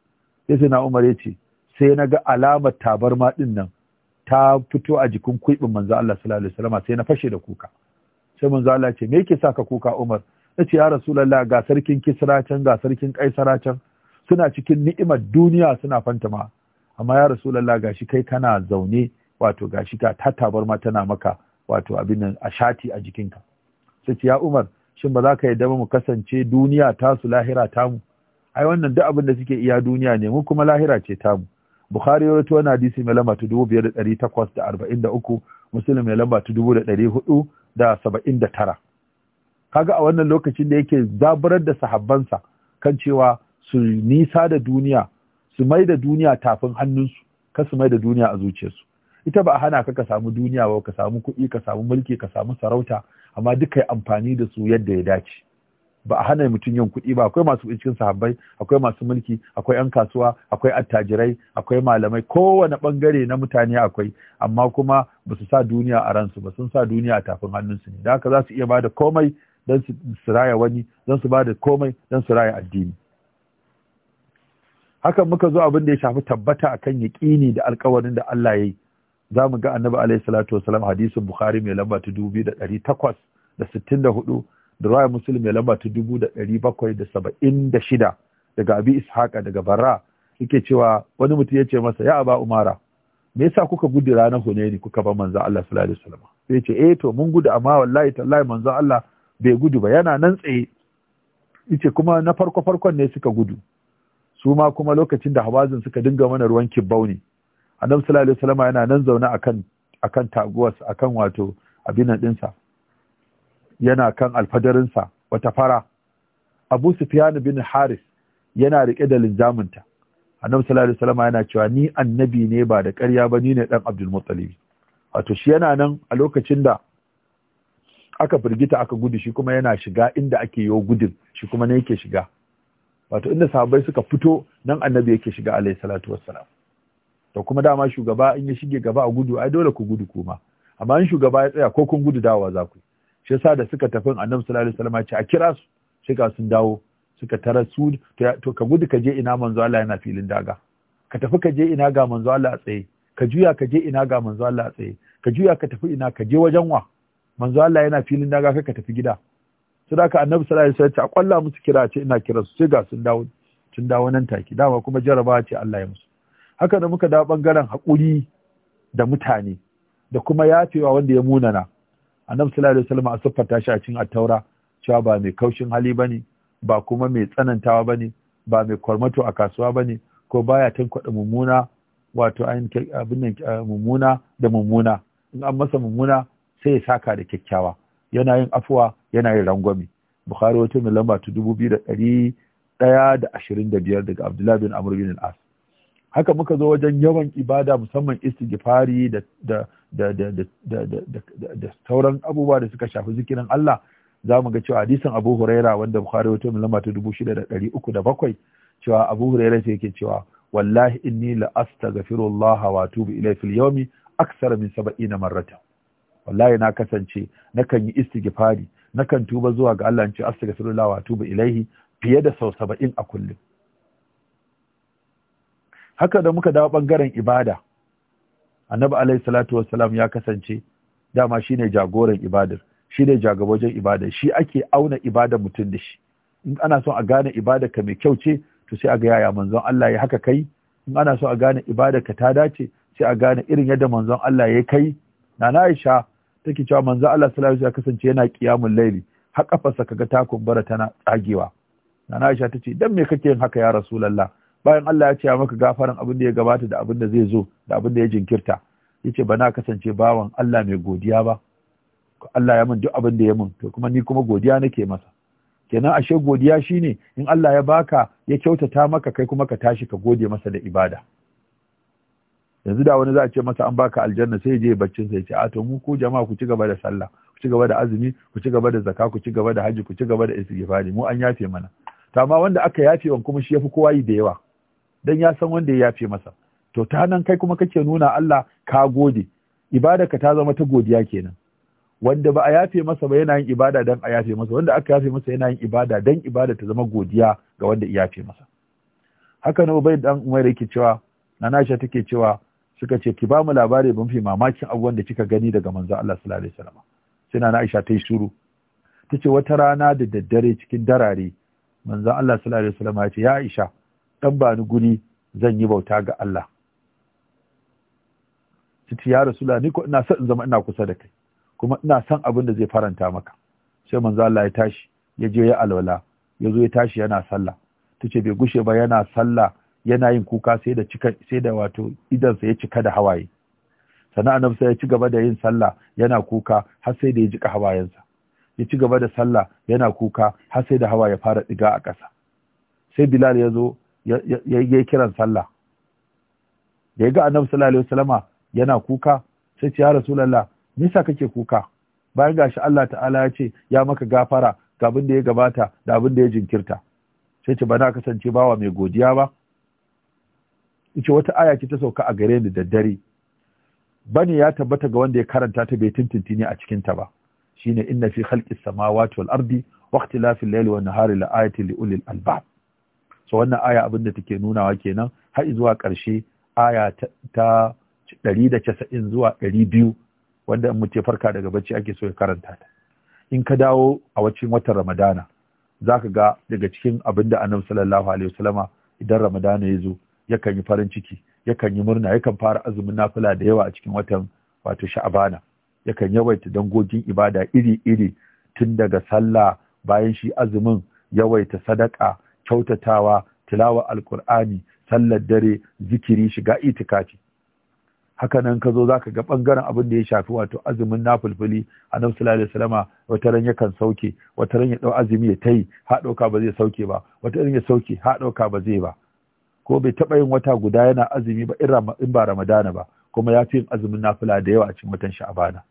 S1: sai sai na umar ya ce sai na ga alamar tabarma din nan ta fito a jikin kuɓin manzo Allah sallallahu alaihi sai na fashe da kuka sai manzo Allah ce me yake sa ka kuka Umar nace ya Rasulullah ga sarkin Kisra can ga sarkin Kaisara can suna cikin ni'imar duniya suna fanta ma. amma ya rasu Rasulullah gashi kai kana zaune wato gashi ka ta tabar ma tana maka wato abin nan a shati a jikinka sai ya Umar shin ba za ka yadda mu kasance duniya ta su lahira tamu ai wannan duk abin da suke iya duniya ne mu kuma lahira ce tamu bukhari ya rawaito wani hadisi mai lamba da uku, muslim mai lamba ta tara kaga a wannan lokacin da yake zaburar da sahabbansa kan cewa su nisa da duniya su mai da duniya tafin hannunsu ka su mai da duniya a zuciyarsu ita ba a hana ka ka samu duniya ba ka samu kuɗi ka samu mulki ka samu sarauta amma duka amfani da su yadda ya dace ba a hana mutum yin kuɗi ba akwai masu cikin sahabbai akwai masu mulki akwai 'yan kasuwa akwai attajirai akwai malamai kowane bangare na mutane akwai amma kuma ba su sa duniya a ransu ba sun sa duniya a tafin hannunsu ne da haka za su iya ba da komai don su raya wani don su ba da komai don su raya addini hakan muka zo abin da ya shafi tabbata akan yaƙini da alƙawarin da Allah ya yi za mu ga annabi alayhi salatu wasalam hadisin bukhari mai lamba ta dubu da ɗari takwas da sittin da hudu da ruwa muslim mai lamba ta dubu da bakwai da saba'in da shida daga abi ishaqa daga barra yake cewa wani mutum ya ce masa ya aba umara me yasa kuka gudu ranar hunaini kuka ba manzo Allah sallallahu alaihi wasallam sai ce eh to mun gudu amma wallahi tallahi manzo Allah bai gudu ba yana nan tsaye yace kuma na farko farkon ne suka gudu su ma kuma lokacin da hawazin suka dinga mana ruwan kibbau ne annabi sallallahu alaihi wasallam yana nan zaune akan akan taguwarsa akan wato abin dinsa yana kan alfadarinsa wata fara Abu Sufyan bin Haris yana rike da linzaminta annabi sallallahu alaihi wasallam yana cewa ni annabi ne ba da ƙarya ba ni ne dan Abdul Muttalib wato shi yana nan a lokacin da aka firgita aka gudu shi kuma yana shiga inda ake yo gudun shi kuma ne yake shiga wato inda sahabbai suka fito nan annabi yake shiga alaihi salatu wassalam da kuma dama shugaba in ya shige gaba a gudu ai dole ku gudu kuma amma in shugaba ya tsaya ko kun gudu dawowa za ku shi yasa da suka tafi annabi sallallahu alaihi wasallam ce a kira su sai ga sun dawo suka tara su to ka gudu ka je ina manzo Allah yana filin daga ka tafi ka je ina ga manzo Allah a tsaye ka juya ka je ina ga manzo Allah a tsaye ka juya ka tafi ina ka je wajen wa manzo Allah yana filin daga ka ka tafi gida sai ka annabi sallallahu alaihi wasallam ce a kwalla musu kira ce ina kira su sai ga sun dawo sun dawo nan take dama kuma jarabawa ce Allah ya musu haka da muka da bangaren hakuri da mutane da kuma yafewa wanda ya munana annabi sallallahu alaihi wasallam a siffata shi a cikin attaura cewa ba mai kaushin hali bane ba kuma mai tsanantawa bane ba mai kwarmato a kasuwa bane ko baya tankwada mummuna wato ayin abin nan eh, mummuna da mummuna in an masa mummuna sai ya saka da kyakkyawa yana yin afuwa yana yin rangwame bukhari wata mai lamba ta dubu biyu da ɗari ɗaya da ashirin biyar daga abdullahi bin amr bin al-as haka muka zo wajen yawan ibada musamman istighfari da da da da da da sauran abubuwa da suka shafi zikirin Allah za mu ga cewa hadisin Abu Huraira wanda Bukhari wato lamba ta 6307 cewa Abu Huraira sai yake cewa wallahi inni la astaghfirullah wa atubu ilayhi fil yawmi aksara min 70 marrata wallahi na kasance nakan yi istighfari nakan tuba zuwa ga Allah in ce astaghfirullah wa atubu ilayhi fiye da sau 70 a kullum haka da muka dawo bangaren ibada annabi alaihi salatu wassalam ya kasance dama shine jagoran ibadar shine jagabojin ibada. shi ake auna ibada mutum da shi in ana son a gane ibada ka mai kyau ce to sai a ga yaya manzon Allah ya haka kai in ana son a gane ibadar ka ta dace sai a gane irin yadda manzon Allah ya kai nana Aisha take cewa manzon Allah sallallahu alaihi wasallam kasance yana qiyamul laili har kafarsa kaga ta bara tana tsagewa nana Aisha tace dan me kake yin haka ya rasulullah bayan Allah ya ce maka gafaran abin da ya gabata da abin da zai zo da abin da ya jinkirta yace ba na kasance bawan Allah mai godiya ba Allah ya min duk abin da ya min to kuma ni kuma godiya nake masa kenan ashe godiya shine in Allah ya baka ya kyautata maka kai kuma ka tashi ka gode masa da ibada yanzu da wani za a ce masa an baka aljanna sai je baccin sai ce a to mu ku jama'a ku ci gaba da sallah ku ci gaba da azumi ku ci gaba da zaka, ku ci gaba da haji ku ci gaba da istighfari mu an yafe mana to amma wanda aka yafe wa kuma shi yafi kowa yi da yawa dan ya san wanda ya yafe masa to ta nan kai kuma kake nuna Allah ka gode Ibada ka ta zama ta godiya kenan wanda ba a yafe masa ba yana yin ibada dan a yafe masa wanda aka yafe masa yana yin ibada dan ibada ta zama godiya ga wanda ya yafe masa haka na ubai dan umar yake cewa nanasha take cewa suka ce ki ba mu labari ban fi mamakin abubuwan da kika gani daga manzo Allah sallallahu alaihi wasallam sai na Aisha ta yi shuru tace wata rana da daddare cikin darare manzo Allah sallallahu alaihi wasallam ya ce ya Aisha Ɗan ba ni guri zan yi bauta ga Allah titi ya rasula ni ko ina son in zama ina kusa da kai kuma ina son abin da zai faranta maka sai manzo Allah ya tashi ya je ya alwala ya zo ya tashi yana sallah tace bai gushe ba yana sallah yana yin kuka sai da cika sai da wato idansa ya cika da hawaye Sana annabi ya ci gaba da yin sallah yana kuka har sai da ya jika hawayensa ya ci gaba da sallah yana kuka har sai da hawa ya fara ɗiga a ƙasa sai Bilal ya zo ya kiran sallah da ya ga annabi sallallahu alaihi wasallama yana kuka sai ce ya rasulullah nisa kake kuka bayan gashi Allah ta'ala ya ce ya maka gafara ga abin da ya gabata da abin da ya jinkirta sai ce ba kasance bawa mai godiya ba ce wata aya ce ta sauka a gare ni da dare bani ya tabbata ga wanda ya karanta ta bai tuntunti ne a cikin ta ba shine inna fi khalqis samawati wal ardi wa ikhtilafil layli wan nahari la ayatin li ulil albab so wannan aya abin da take nunawa kenan har zuwa ƙarshe aya ta 190 zuwa 200 wanda mu ce farka daga bacci ake so ya karanta ta in ka dawo a wacin watan ramadana za ka ga daga cikin abin da annabi sallallahu alaihi wasallama idan ramadana ya zo yakan yi farin ciki yakan yi murna yakan fara azumin nafila da yawa a cikin watan wato sha'abana yakan yawaita dangogin ibada iri-iri tun daga sallah bayan shi azumin yawaita sadaka kyautatawa tilawa alkur'ani sallar dare zikiri shiga itikafi haka nan ka zo za ka ga ɓangaren abin da ya shafi wato azumin nafulfuli A sallallahu alaihi salama wata ran yakan sauke wata ran ya ɗau azumi ya tayi ha haɗauka ba zai sauke ba wata ran ya sauke ha ba zai ba ko bai taɓa yin wata guda yana azumi ba in ba ramadana ba kuma ya fi yin azumin nafula da yawa a cikin watan sha'abana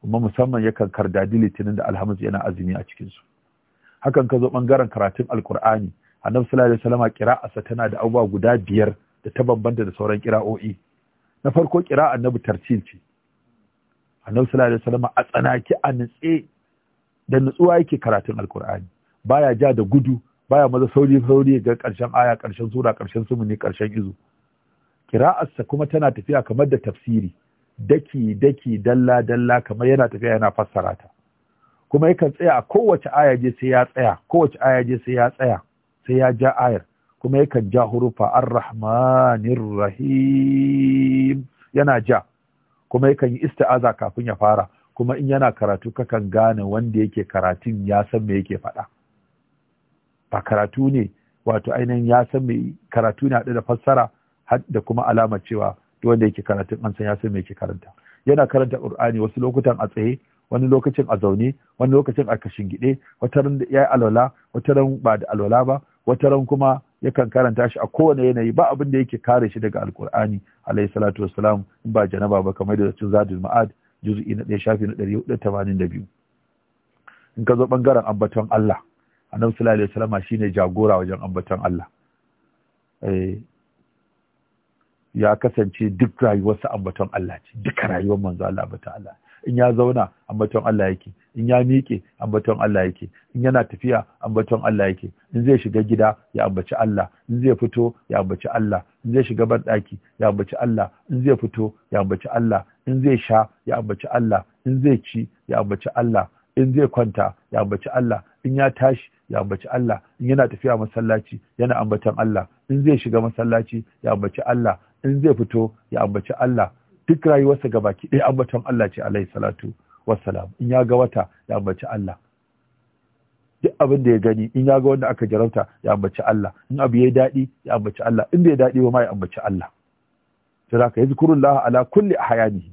S1: kuma musamman yakan kardadi litinin da alhamis yana azumi a cikinsu. hakan ka zo ɓangaren karatun alkur'ani annabi sallallahu alaihi wasallam qira'arsa tana da abubuwa guda biyar da ta bambanta da sauran qira'o'i na farko qira'a annabi tartil ce annabi sallallahu alaihi wasallam a tsanaki a nutse da nutsuwa yake karatun alkur'ani baya ja da gudu baya maza sauri sauri ga karshen aya karshen sura karshen sumuni karshen izu qira'arsa kuma tana tafiya kamar da tafsiri daki daki dalla dalla kamar yana tafiya yana fassara ta kuma yakan tsaya a kowace aya je sai ya tsaya kowace aya je sai ya tsaya sai ya ja ayar kuma yakan ja hurufa ar-rahmanir rahim yana ja kuma yakan yi isti'aza kafin ya fara kuma in yana karatu kakan gane wanda yake karatun ya san me yake faɗa ba karatu ne wato ainihin ya san me karatu ne haɗe da fassara da kuma alama cewa wanda yake karatun an san ya san me yake karanta yana karanta qur'ani wasu lokutan a tsaye wani lokacin a zaune wani lokacin a gide wata ran ya yi alwala wata ran ba da alwala ba wata ran kuma yakan karanta shi a kowane yanayi ba abin da yake kare shi daga alkur'ani alayhi salatu wassalam in ba janaba ba kamar da cin zadul ma'ad juz'i na ɗaya shafi na ɗari hudu tamanin da biyu in ka zo ɓangaren ambaton Allah annabi sallallahu alaihi wasallam shine jagora wajen ambaton Allah eh, ya kasance duk rayuwarsa ambaton Allah ce duka rayuwar manzo Allah ambaton Allah in ya zauna ambaton Allah yake in ya miƙe ambaton Allah yake in yana tafiya ambaton Allah yake in zai shiga gida ya ambaci Allah in zai fito ya ambaci Allah in zai shiga banɗaki ya ambaci Allah in zai fito ya ambaci Allah in zai sha ya ambaci Allah in zai ci ya ambaci Allah in zai kwanta ya ambaci Allah in ya tashi ya ambaci Allah in yana tafiya masallaci yana ambaton Allah in zai shiga masallaci ya ambaci Allah in zai fito ya ambaci Allah duk rayuwarsa ga baki ɗaya ambaton Allah ce alaihi salatu wassalam in ya ga wata ya ambaci Allah duk abin da ya gani in ya ga wanda aka jarauta ya ambaci Allah in abu ya daɗi ya ambaci Allah in bai daɗi ba ma ya ambaci Allah sai zaka laha ala kulli ahyanihi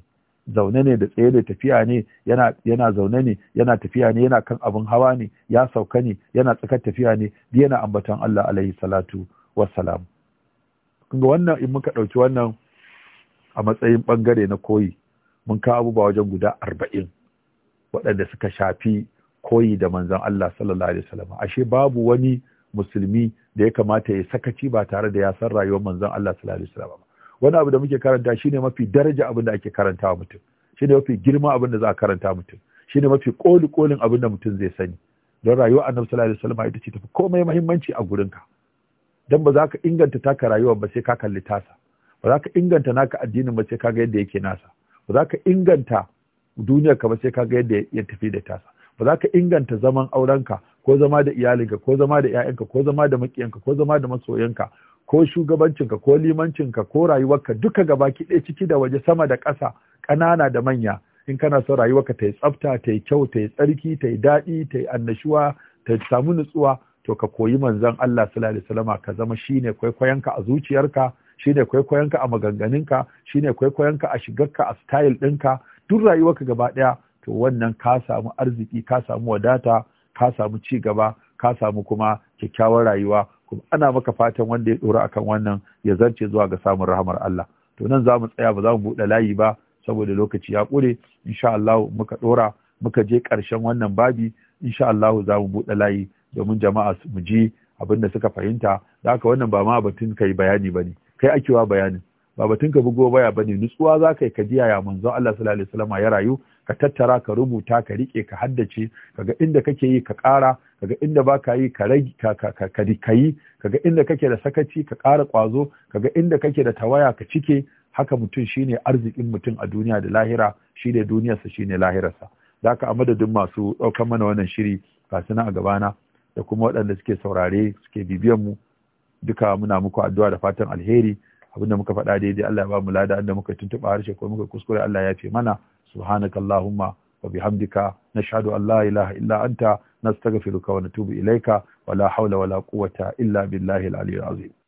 S1: zaune ne da tsaye da tafiya ne yana yana zaune ne yana tafiya ne yana kan abin hawa ne ya sauka ne yana tsakar tafiya ne yana ambaton Allah alaihi salatu wassalam kun ga wannan in muka ɗauki wannan a matsayin bangare na koyi mun kawo abubuwa wajen guda arba'in waɗanda suka shafi koyi da manzan Allah sallallahu alaihi wasallam ashe babu wani musulmi da ya kamata ya sakaci ba tare da ya san rayuwar manzan Allah sallallahu alaihi wasallam wani abu da muke karanta shine mafi daraja abin da ake wa mutum shine mafi girma abin da za a karanta mutum shine mafi koli kolin abin da mutum zai sani don rayuwar annabi sallallahu alaihi wasallam ita ce tafi komai muhimmanci a gurinka dan ba za ka inganta taka rayuwa ba sai ka kalli tasa ba za ka inganta naka addinin ba sai kaga yadda yake nasa ba za ka inganta duniyar ka ba sai kaga yadda ya tafi da tasa ba za ka inganta zaman aurenka ko zama da iyalinka ko zama da 'ya'yanka ko zama da makiyanka ko zama da masoyanka ko shugabancinka ko limancinka ko rayuwarka duka gabaki ɗaya ciki da waje sama da ƙasa ƙanana da manya in kana son rayuwarka ta yi tsafta ta yi kyau ta yi tsarki ta yi daɗi ta yi annashuwa ta samu nutsuwa to ka koyi manzon Allah sallallahu alaihi wasallama ka zama shine kwaikwayonka a zuciyarka shine kwaikwayonka a maganganunka shine kwaikwayonka a ka a style ɗinka duk rayuwarka gaba ɗaya to wannan ka samu arziki ka samu wadata ka samu ci gaba ka samu kuma kyakkyawar rayuwa kuma ana maka fatan wanda ya dora akan wannan ya zarce zuwa ga samun rahamar Allah to nan za mu tsaya ba za mu buɗe layi ba saboda lokaci ya ƙure insha Allah muka ɗora muka je ƙarshen wannan babi insha Allah za mu buɗe layi domin jama'a mu ji abin da suka fahimta da haka wannan ba ma batun kai bayani ba ne kai akewa bayanin ba batun ka bugo baya bane nutsuwa za ka yi ka ji yaya manzon Allah sallallahu alaihi wasallam ya rayu ka tattara ka rubuta ka rike ka haddace kaga inda kake yi ka ƙara kaga inda baka yi ka rage ka ka ka ka yi kaga inda kake da sakaci ka ƙara ƙwazo kaga inda kake da tawaya ka cike haka mutum shine arzikin mutum a duniya da lahira shine duniyarsa shine lahirarsa ka a madadin masu ɗaukar mana wannan shiri ga suna a gabana da kuma waɗanda suke saurare suke bibiyan mu duka muna muku addu'a da fatan alheri abinda muka faɗa daidai Allah ya ba mu lada inda muka tuntuɓa harshe ko muka kuskure Allah ya fi mana subhanaka allahumma wa bihamdika nashhadu an la ilaha illa anta nastaghfiruka wa natubu ilayka wala hawla wala quwwata illa billahi al-aliyyil azim